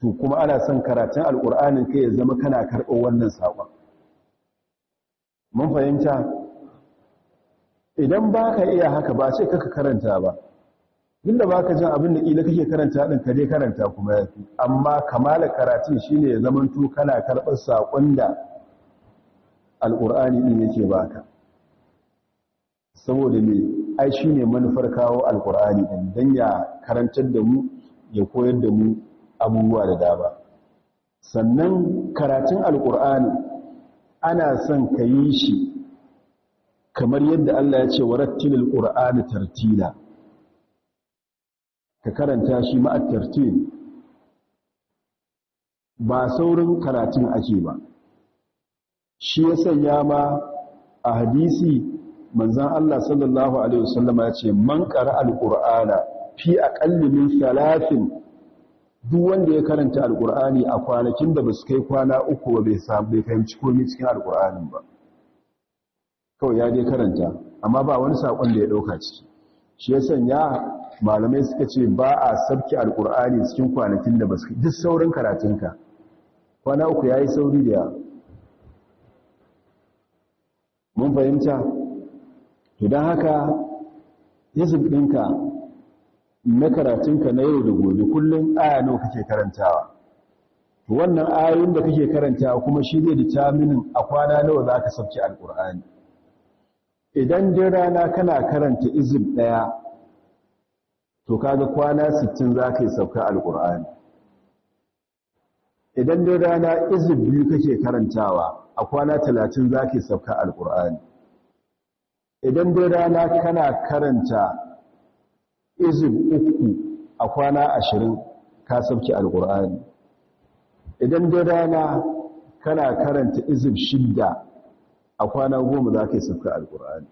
to kuma ana son karatun alƙur'anin kai ya zama kana karɓo wannan saƙon mun fahimta idan ba ka iya haka ba ce kaka karanta ba duk da ba ka jin abin da ƙila kake karanta din ka je karanta kuma ya fi amma kamala karatun shi ne ya zama zamanto kana karɓar saƙon da alƙur'ani ɗin yake baka saboda me ai shi ne manufar kawo alkur'ani din ya karantar da mu ya koyar da mu abubuwa da daba. sannan karatun alkur'ani ana son ka yi shi kamar yadda Allah ya ce warattilil qur'ani tartila ka karanta shi ma'a tartil ba saurin karatun ake ba shi ya sanya ma a hadisi manzan Allah sallallahu Alaihi wasallama ya ce man ƙara al'ur'ana fi a ƙallimin salafin duk wanda ya karanta al'ur'ani a kwanakin da ba su kai kwana uku ba bai fahimci komi cikin al'ur'anin ba kawai ya dai karanta amma ba wani saƙon da ya ɗauka ciki shi ya sanya malamai suka ce ba a sabki al'ur'ani cikin kwanakin da ba su duk saurin karatunka kwana uku ya yi sauri da mun fahimta to don haka hizib ɗinka na karatunka na yau da gobe kullum aya nawa kake karantawa to wannan ayoyin da kake karantawa kuma shi zai determinin a kwana nawa za ka sauki alƙur'ani idan dai rana kana karanta izib ɗaya to kaga kwana 60 za ka yi sauka alƙur'ani idan dai rana izib biyu kake karantawa a kwana 30 za ka yi sauka alƙur'ani idan dai rana kana karanta izin uku a kwana ashirin ka sauki alkur'ani idan dai rana kana karanta izin shidda a kwana goma za ka yi sauki alkur'ani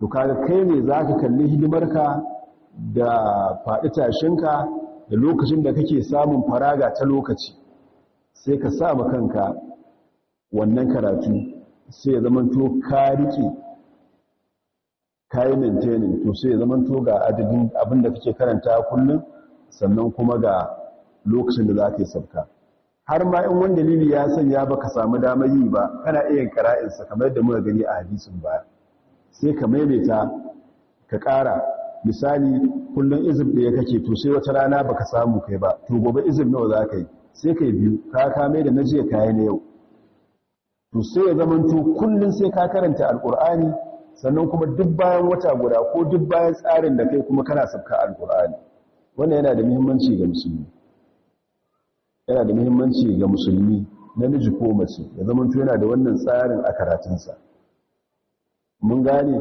to kaga kai ne za ka kalli hidimarka da faɗi ka da lokacin da kake samun faraga ta lokaci sai ka sa kanka wannan karatu sai ya zama to ka riƙe ka yi maintaining to sai ya zamanto ga adadin abin da kake karanta kullum sannan kuma ga lokacin da za ka yi sabka har ma in wanda lili ya sanya ya baka samu damar yi ba kana iya kara'insa kamar da muka gani a hadisin baya sai ka maimaita ka kara misali kullum izib da ya kake to sai wata rana baka samu kai ba to gobe izib nawa za ka yi sai kai biyu ka mai da na jiya kayi na yau to sai ya zamanto kullum sai ka karanta Alkur'ani. sannan kuma duk bayan wata guda ko duk bayan tsarin da kai kuma kana sabka alkur'ani wannan yana da muhimmanci ga musulmi yana da muhimmanci ga musulmi namiji ko mace ya zamanto yana da wannan tsarin a karatunsa mun gane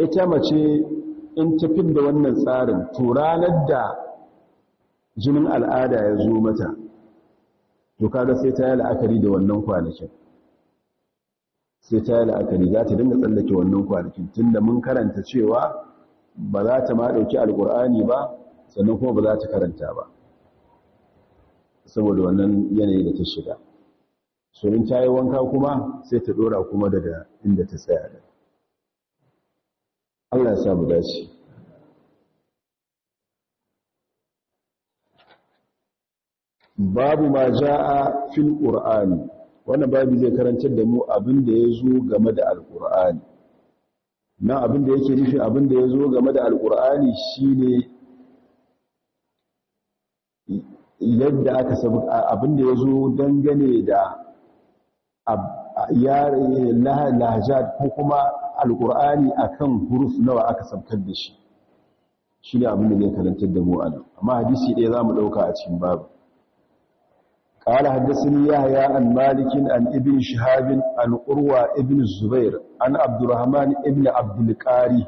ita mace in ta tafin da wannan tsarin to ranar da jinin al'ada ya zo mata to kaga sai ta yi la'akari da wannan kwanakin sai ta yi la'akari za ta dinga tsallake wannan kwanakin da mun karanta cewa ba za ta ma ɗauki alƙur'ani ba sannan kuma ba za ta karanta ba saboda wannan yanayi da ta shiga sorin ta yi wanka kuma sai ta ɗora kuma daga inda ta tsaya da allah ya mu dace babu ma ja'a fil ƙur'ani wannan babu zai karantar da mu abin da ya zo game da alkur'ani na abin da yake nufi abin da ya zo game da alkur'ani shine yadda aka sabu abin da ya zo dangane da yare ko kuma alkur'ani akan huruf nawa aka sabtar da shi shi ne abin da zai karantar da mu a nan amma hadisi ɗaya za mu ɗauka a cikin babu قال حدثني يحيى عن مالك عن ابن شهاب عن قروة ابن الزبير عن عبد الرحمن ابن عبد القاري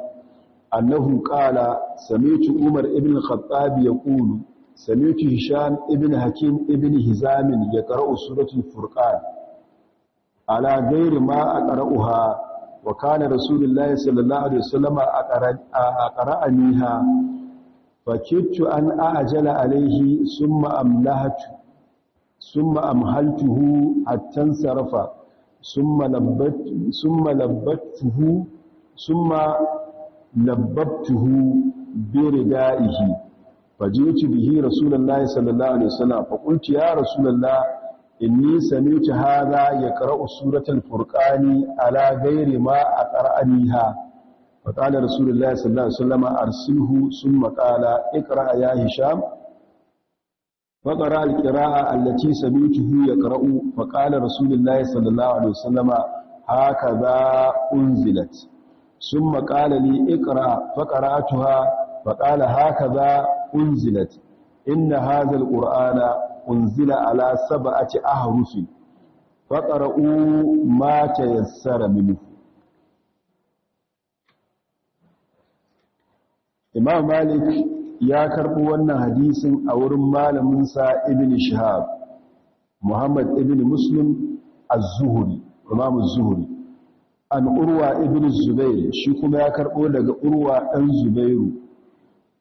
أنه قال سمعت عمر ابن الخطاب يقول سمعت هشام ابن حكيم ابن هزام يقرأ سورة الفرقان على غير ما أقرأها وكان رسول الله صلى الله عليه وسلم أقرأنيها فكدت أن أعجل عليه ثم أملهته summa amhaltuhu hatta sarafa summa labbat summa labbattuhu summa labbabtuhu bi ridaihi fajitu bihi rasulullahi sallallahu alaihi wasallam fa qultu ya rasulullah inni sami'tu hadha yaqra'u suratal furqani ala ghairi ma aqra'aniha فقال رسول الله صلى الله عليه وسلم أرسله ثم قال اقرأ يا هشام فقرأ القراءة التي سمعته يقرأ فقال رسول الله صلى الله عليه وسلم هكذا أنزلت ثم قال لي اقرأ فقرأتها فقال هكذا أنزلت إن هذا القرآن أنزل على سبعة أحرف فقرأوا ما تيسر منه إمام مالك ya karɓi wannan hadisin a wurin malaminsa ibn shihab muhammad ibn muslim az-zuhri imam az-zuhri an urwa ibn zubair shi kuma ya karɓo daga urwa ɗan zubairu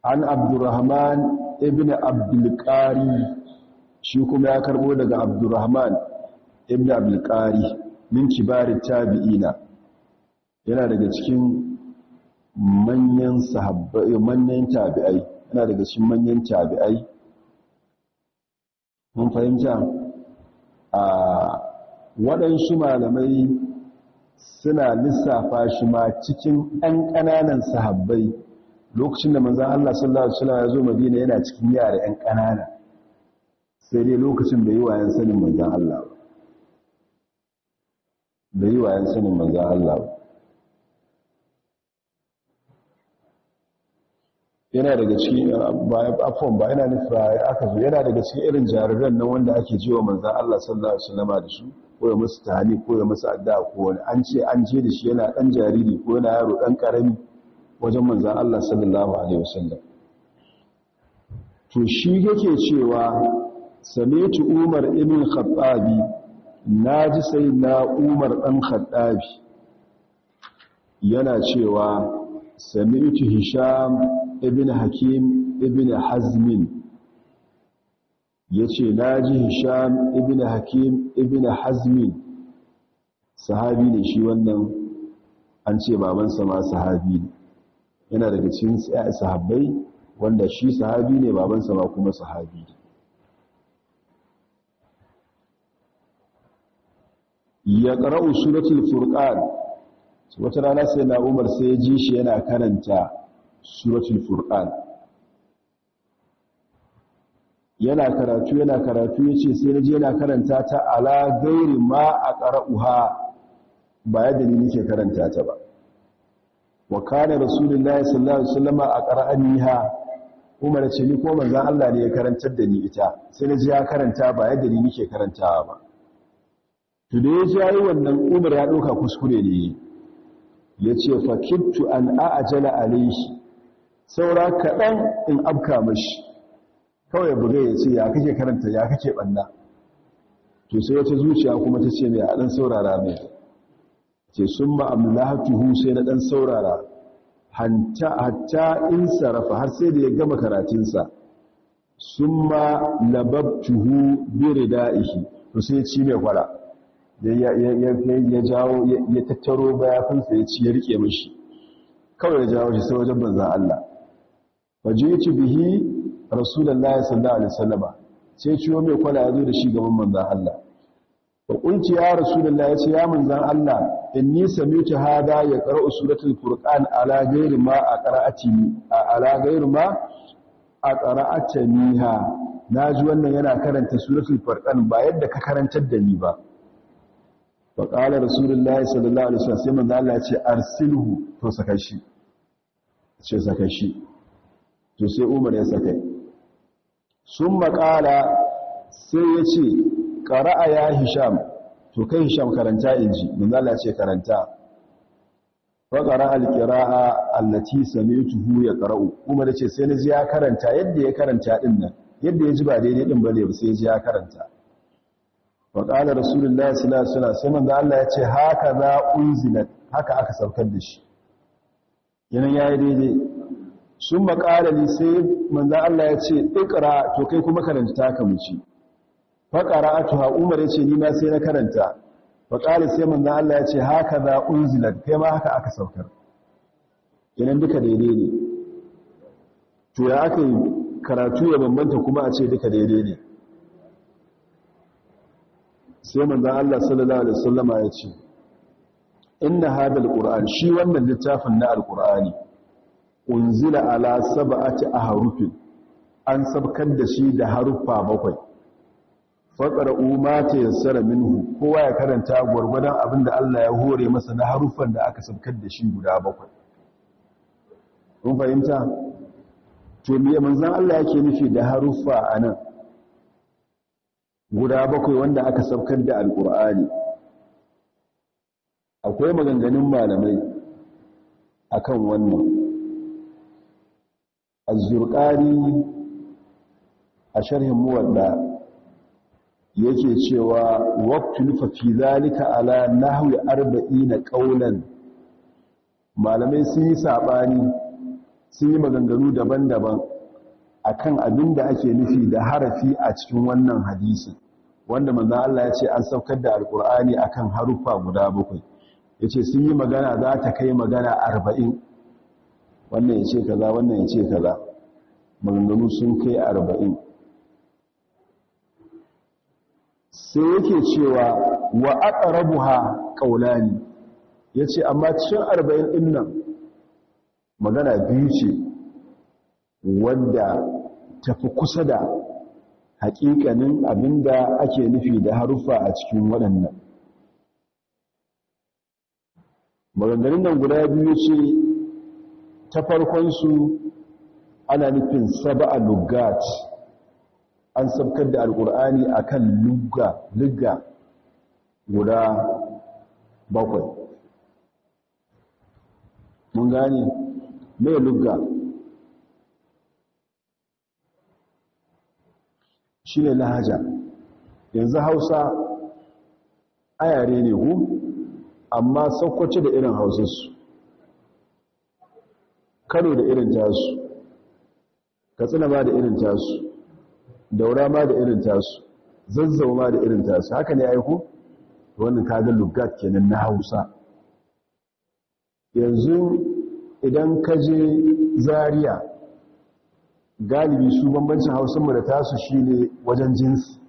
an abdurrahman ibn qari shi kuma ya karɓo daga abdurrahman ibn qari min kibarin tabi'ina yana daga cikin manyan sahabbai manyan tabi'ai na daga shi manyan tabi'ai mun fahimta a waɗansu malamai suna lissafa shi ma cikin ɗan ƙananan sahabbai lokacin da manzan Allah sallallahu Alaihi wasallam ya zo madina yana cikin yara ɗan ƙanana sai dai lokacin da yi wayan sanin manzan Allah ba da yi wayan sanin manzan Allah ba yana daga cikin uh, afon ba yana nufi aka zo yana daga cikin irin jariran nan wanda ake jiwa manzan Allah sallallahu alaihi wasallama da su ko ya musu tahani ko ya musu addu'a ko wani an ce an je da shi yana dan jariri ko yana yaro dan karami wajen manzan Allah sallallahu alaihi wasallam to shi yake cewa sami'tu Umar ibn Khattabi naji sai na Umar dan Khattabi yana cewa sami'tu Hisham ibn hakim ibn hazmin yace ce na ji hisham ibn hakim ibn hazmin sahabi ne shi wannan an ce babansa ma sahabi ne yana daga cikin sahabbai wanda shi sahabi ne babansa ma kuma sahabi ne ya qara'u suratul furqan wata rana sai na umar sai ya ji shi yana karanta suratul furqan yana karatu yana karatu yace sai naje yana karanta ta ala gairi ma aqra'uha ba yadda ni nake karanta ta ba wa kana rasulullahi sallallahu alaihi wasallam aqra'aniha kuma nace ni ko manzon Allah ne ya karantar da ni ita sai naje ya karanta ba yadda ni nake karantawa ba to da yaji wannan umar ya dauka kuskure ne yace fakittu an a'jala alaihi saura kaɗan in afka mashi kawai buga ya ce ya kake karanta ya kake ɓanna to sai wata zuciya kuma ta ce mai a ɗan saurara mai ce sun ba amlahatuhu sai na ɗan saurara hatta in sarrafa har sai da ya gama karatunsa sun ma lababtuhu da da'ihi to sai ci mai kwara ya jawo ya tattaro bayafinsa ya ci ya riƙe mashi kawai ya jawo shi sai wajen banzan Allah fajici bihi rasulallah sallallahu alaihi wasallam sai ciwo mai kwana ya zo da shi gaban manzan Allah ba kunci ya rasulallah ya ce ya manzan Allah inni sami'tu hada ya qara'u suratul furqan ala a ma aqra'atini ala ghairi ma na ji wannan yana karanta suratul furqan ba yadda ka karantar da ni ba ƙala rasulallah rasulullahi sallallahu alaihi wasu sai manzon Allah ya ce arsilhu to sakashi ce saka shi to sai umar ya saka sun makala sai ya ce ƙara'a ya hisham to kai hisham karanta in ji manzala ce karanta faƙara alƙira'a allati samituhu ya ƙara'u umar ce sai na ji ya karanta yadda ya karanta ɗin nan yadda ya ji ba daidai ɗin ba ne sai ya ji ya karanta faƙala rasulullah sila suna sai manzo Allah ya ce haka za unzilat haka aka saukar da shi yanan ya yi daidai sun ne sai manzan Allah ya ce ikra to kai kuma karanta ka muci faƙara atuha umar ya ce ni ma sai na karanta faƙari sai manzan Allah ya ce haka za unzilar kai ma haka aka saukar Idan duka daidai ne to ya aka yi karatu ya bambanta kuma a ce duka daidai ne sai manzan Allah sallallahu Alaihi wasallama ya ce inna hadal ƙura'an shi wannan littafin na alƙura'ani unzila ala sab'ati ahrufin an sabkar da shi da haruffa bakwai faqara umma ta yassara minhu kowa ya karanta gurgurdan abinda Allah ya hore masa na harufan da aka sabkar da shi guda bakwai kun fahimta to me manzon Allah yake nufi da haruffa anan guda bakwai wanda aka sabkar da alqur'ani akwai maganganun malamai akan wannan azurƙari a sharhin muwadda yake cewa waqtul fi zalika ala nahwi 40 qawlan malamai sun yi sabani sun yi maganganu daban-daban akan abin da ake nufi da harafi a cikin wannan hadisi wanda manzon Allah ya ce an saukar da alqur'ani akan haruffa guda bakwai yace sun yi magana za ta kai magana arba'in. wannan ya ce kaza wannan ya ce kaza maganganu sun kai arba'in sai yake cewa wa aqrabuha ya yace amma cikin 40 din nan magana biyu ce wanda tafi kusa da haƙiƙanin abinda ake nufi da harufa a cikin waɗannan maganganun nan guda biyu ce ta farkon su ana nufin saba'a lugat an sabkar da alkur'ani a kan lugga guda bakwai mun gane mai lugga shi ne lahaja yanzu hausa ayare ne ku amma saukwace da irin hausarsu kano da irin tasu katsina ma da irin tasu daura ma da irin tasu zazzau ma da irin tasu haka ne aiko wannan kaga lugat kenan na hausa yanzu idan ka je zaria galibi su bambancin mu da tasu shine wajen jinsi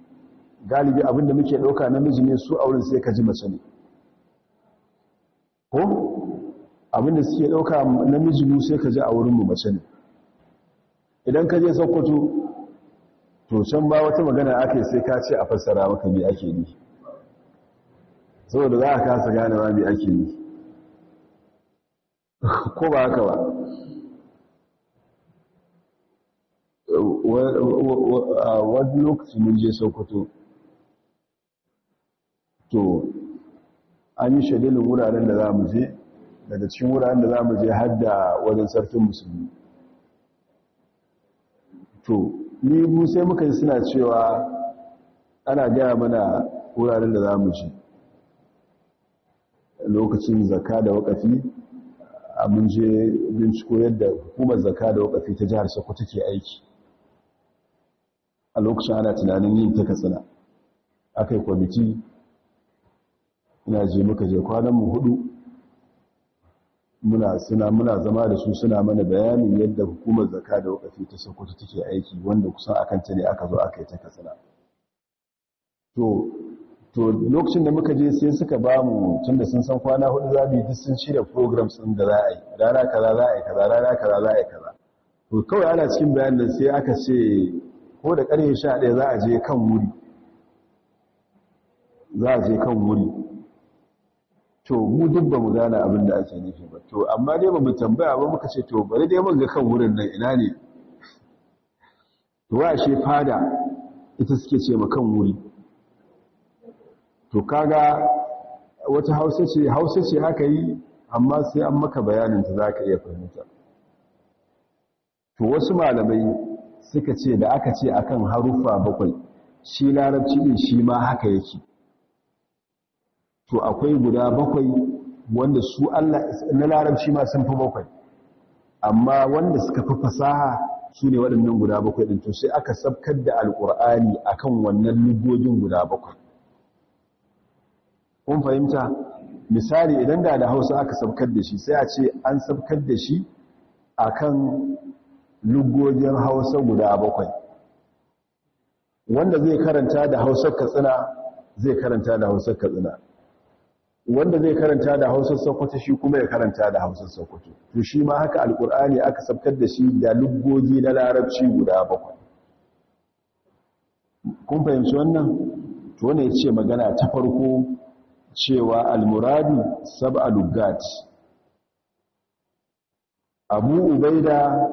galibi abinda muke ɗauka namiji ne su auren sai ka ji mace ne ko Abin da suke ɗauka namiji mu sai ka je a wurin mu mace ne idan ka je sokoto to can ba wata magana ake sai ka ce a fassara maka bi ake ni saboda za a kasa ganewa bi ake ni ko ba haka ba wani lokaci mun je sokoto to an yi shadilin wuraren da za mu je daga cikin wuraren da za mu je hadda wajen sarkin musulmi to ni mu sai muka yi suna cewa ana gaya mana wuraren da za mu ji lokacin zaka da wakafi mun je binciko yadda hukumar zaka da wakafi ta jihar sokoto ke aiki a lokacin ana tunanin yin ta katsina aka yi kwamiti ina je muka je kwanan mu hudu muna suna muna zama da su suna mana bayanin yadda hukumar zakka da wakafi ta Sokoto take aiki wanda kusan akan ta ne aka zo aka yi ta Katsina to to lokacin da muka je sai suka ba mu tunda sun san kwana hudu za mu yi sun shirya programs din da za a yi rana kaza za a yi kaza rana kaza za a yi kaza to kawai ana cikin bayanin sai aka ce ko da ƙarfe 11 za a je kan wuri za a je kan wuri to mu duk ba mu gane abin da ake nufi ba to amma dai ba mu tambaya ba muka ce to bari dai mun ga kan wurin nan ina ne to wa fada ita suke ce ma kan wuri to kaga wata hausa ce hausa ce haka yi amma sai an maka bayanin ta zaka iya fahimta to wasu malamai suka ce da aka ce akan harufa bakwai shi larabci din shi ma haka yake to akwai guda bakwai wanda su Allah na larabci ma sun fi bakwai amma wanda suka fi fasaha su ne waɗannan guda bakwai ɗin to sai aka sabkar da alƙur'ani akan wannan lugogin guda bakwai kun fahimta misali idan da da hausa aka sabkar da shi sai a ce an sabkar da shi akan lugogin hausa guda bakwai wanda zai karanta da hausar katsina zai karanta da hausar katsina wanda zai karanta da hausar sokoto shi kuma ya karanta da hausar sokoto to shi ma haka alkur'ani aka sabkar da shi da luggogi na larabci guda bakwai kun fahimci wannan to ne ya ce magana ta farko cewa almuradu sab'a lugat abu ubaida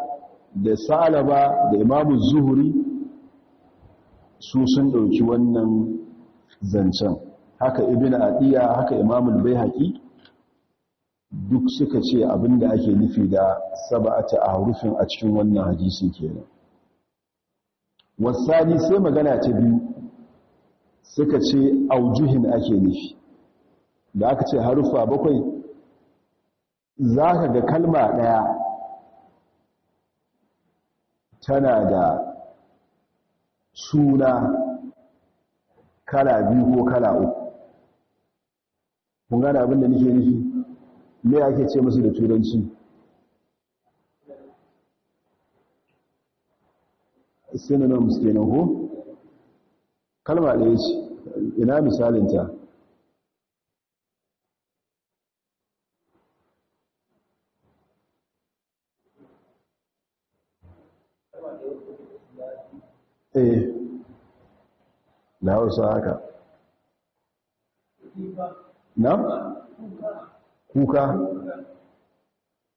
da salaba da imamu zuhuri su sun ɗauki wannan zancen haka Ibina adiya haka imamul baihaqi duk suka ce abinda ake nufi da sab'ata ahrufin a cikin wannan hadisin kenan wasani sai magana ta biyu suka ce aujuhin ake nufi da aka ce harufa bakwai zaka ga kalma daya tana da suna kala biyu ko kala uku kun gane abin da nake nufi me ake ce musu da turanci synonyms kenan ko kalma da ce, ina misalin ta eh na wasu haka na kuka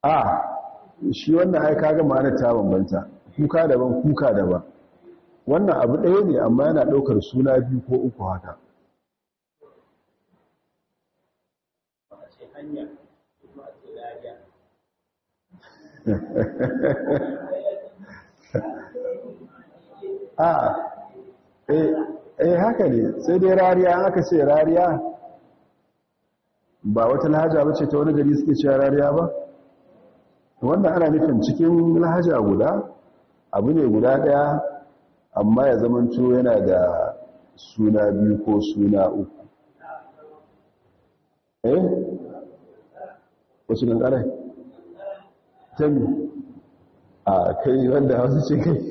a shi wannan ai ga ma'anar ta bambanta kuka daban kuka daban wannan abu ɗaya ne amma yana ɗaukar suna biyu ko uku haka [laughs] a eh, eh haka ne sai dai rariya aka ce rariya ba wata lahaja ba ce ta wani gari suke cewa rariya ba wannan ana nufin cikin lahaja guda abu ne guda daya amma ya zamanto yana da suna biyu ko suna uku eh wasu nan ƙarai tami a kai wanda wasu ce kai [laughs]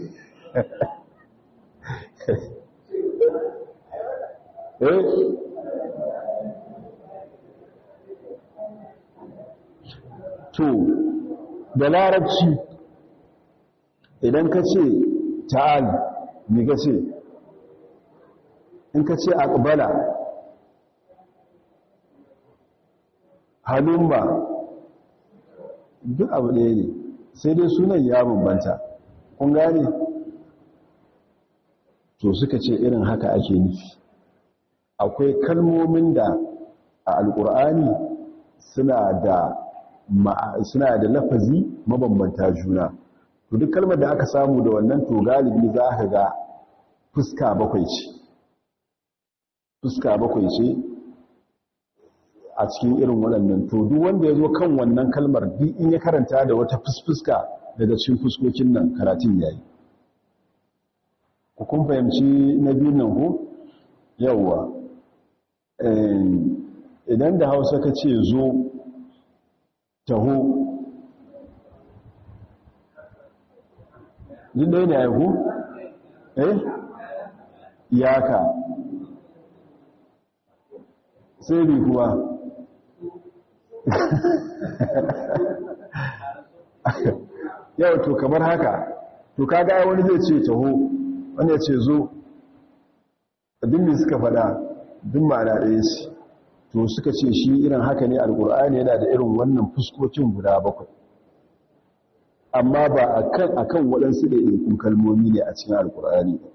eh to da larabci idan ka ce ta'al me ka ce in ka ce aqbala halumma duk abu ɗaya ne sai dai sunan ya bambanta kun gane to suka ce irin haka ake nufi akwai kalmomin da a alƙur'ani suna da suna da lafazi mabambanta juna to duk kalmar da aka samu da wannan to galibi za ka ga fuska bakwai ce fuska bakwai ce a cikin irin waɗannan to duk wanda ya zo kan wannan kalmar duk in ya karanta da wata fuska daga cikin fuskokin nan karatun yayi ku kun fahimci na biyun nan ko yawwa eh, idan da hausa ka ce zo taho duk ɗaya da yahu eh yaka sai bi kuwa [laughs] yau to kamar haka to kaga wani zai ce taho wani ya ce zo abin da suka fada duk ma'ana ɗaya shi. to suka ce shi irin haka ne alkur'ani yana da irin wannan fuskokin guda bakwai amma ba akan akan waɗansu da irin kalmomi ne a cikin alkur'ani ba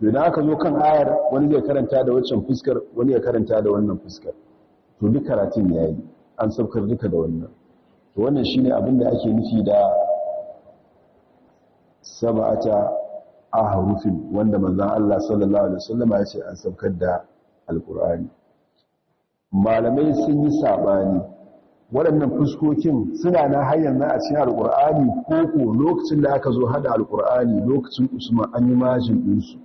to idan aka zo kan ayar wani zai karanta da waccan fuskar wani ya karanta da wannan fuskar to duk karatun ya yi an saukar duka da wannan to wannan shi ne da ake nufi da saba'ata a wanda manzon Allah sallallahu Alaihi wasallam ya ce an saukar da alkur'ani malamai sun yi saɓani waɗannan fuskokin suna na hanyar na a cikin alƙur'ani ko ko lokacin da aka zo haɗa alƙur'ani lokacin usman an yi majin ɗinsu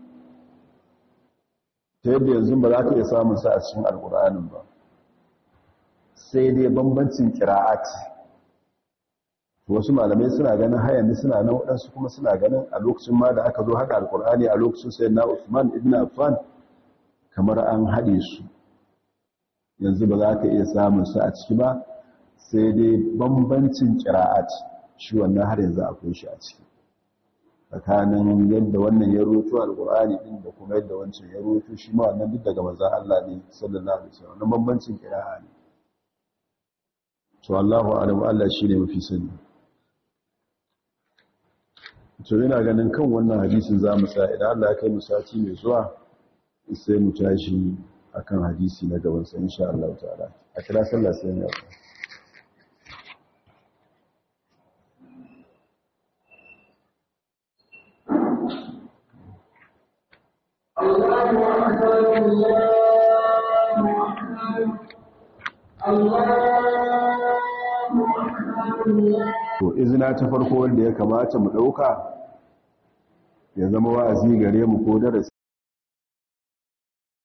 ta yadda yanzu ba za ka iya samun sa a cikin alƙur'anin ba sai dai bambancin ƙira'ati wasu malamai suna ganin hayan suna nan waɗansu kuma suna ganin a lokacin ma da aka zo haɗa Alƙur'ani a lokacin sai na usman ibn affan kamar an haɗe su yanzu ba za ka iya samun su a ciki ba sai dai bambancin kira'at shi wannan har yanzu akwai shi a ciki tsakanin yadda wannan ya rutu alkur'ani ɗin da kuma yadda wancan ya rutu shi ma wannan duk daga manzan Allah ne sallallahu alaihi wasallam wannan bambancin kira'at ne to Allahu a'lamu Allah shi ne mafi sani to ina ganin kan wannan hadisin za mu sa idan Allah ya kai mu sati mai zuwa sai mu tashi akan hadisi na gaban sa insha Allah ta'ala a kira sallah sai ya to izina ta farko wanda ya kamata mu ɗauka ya zama wa'azi gare mu ko darasi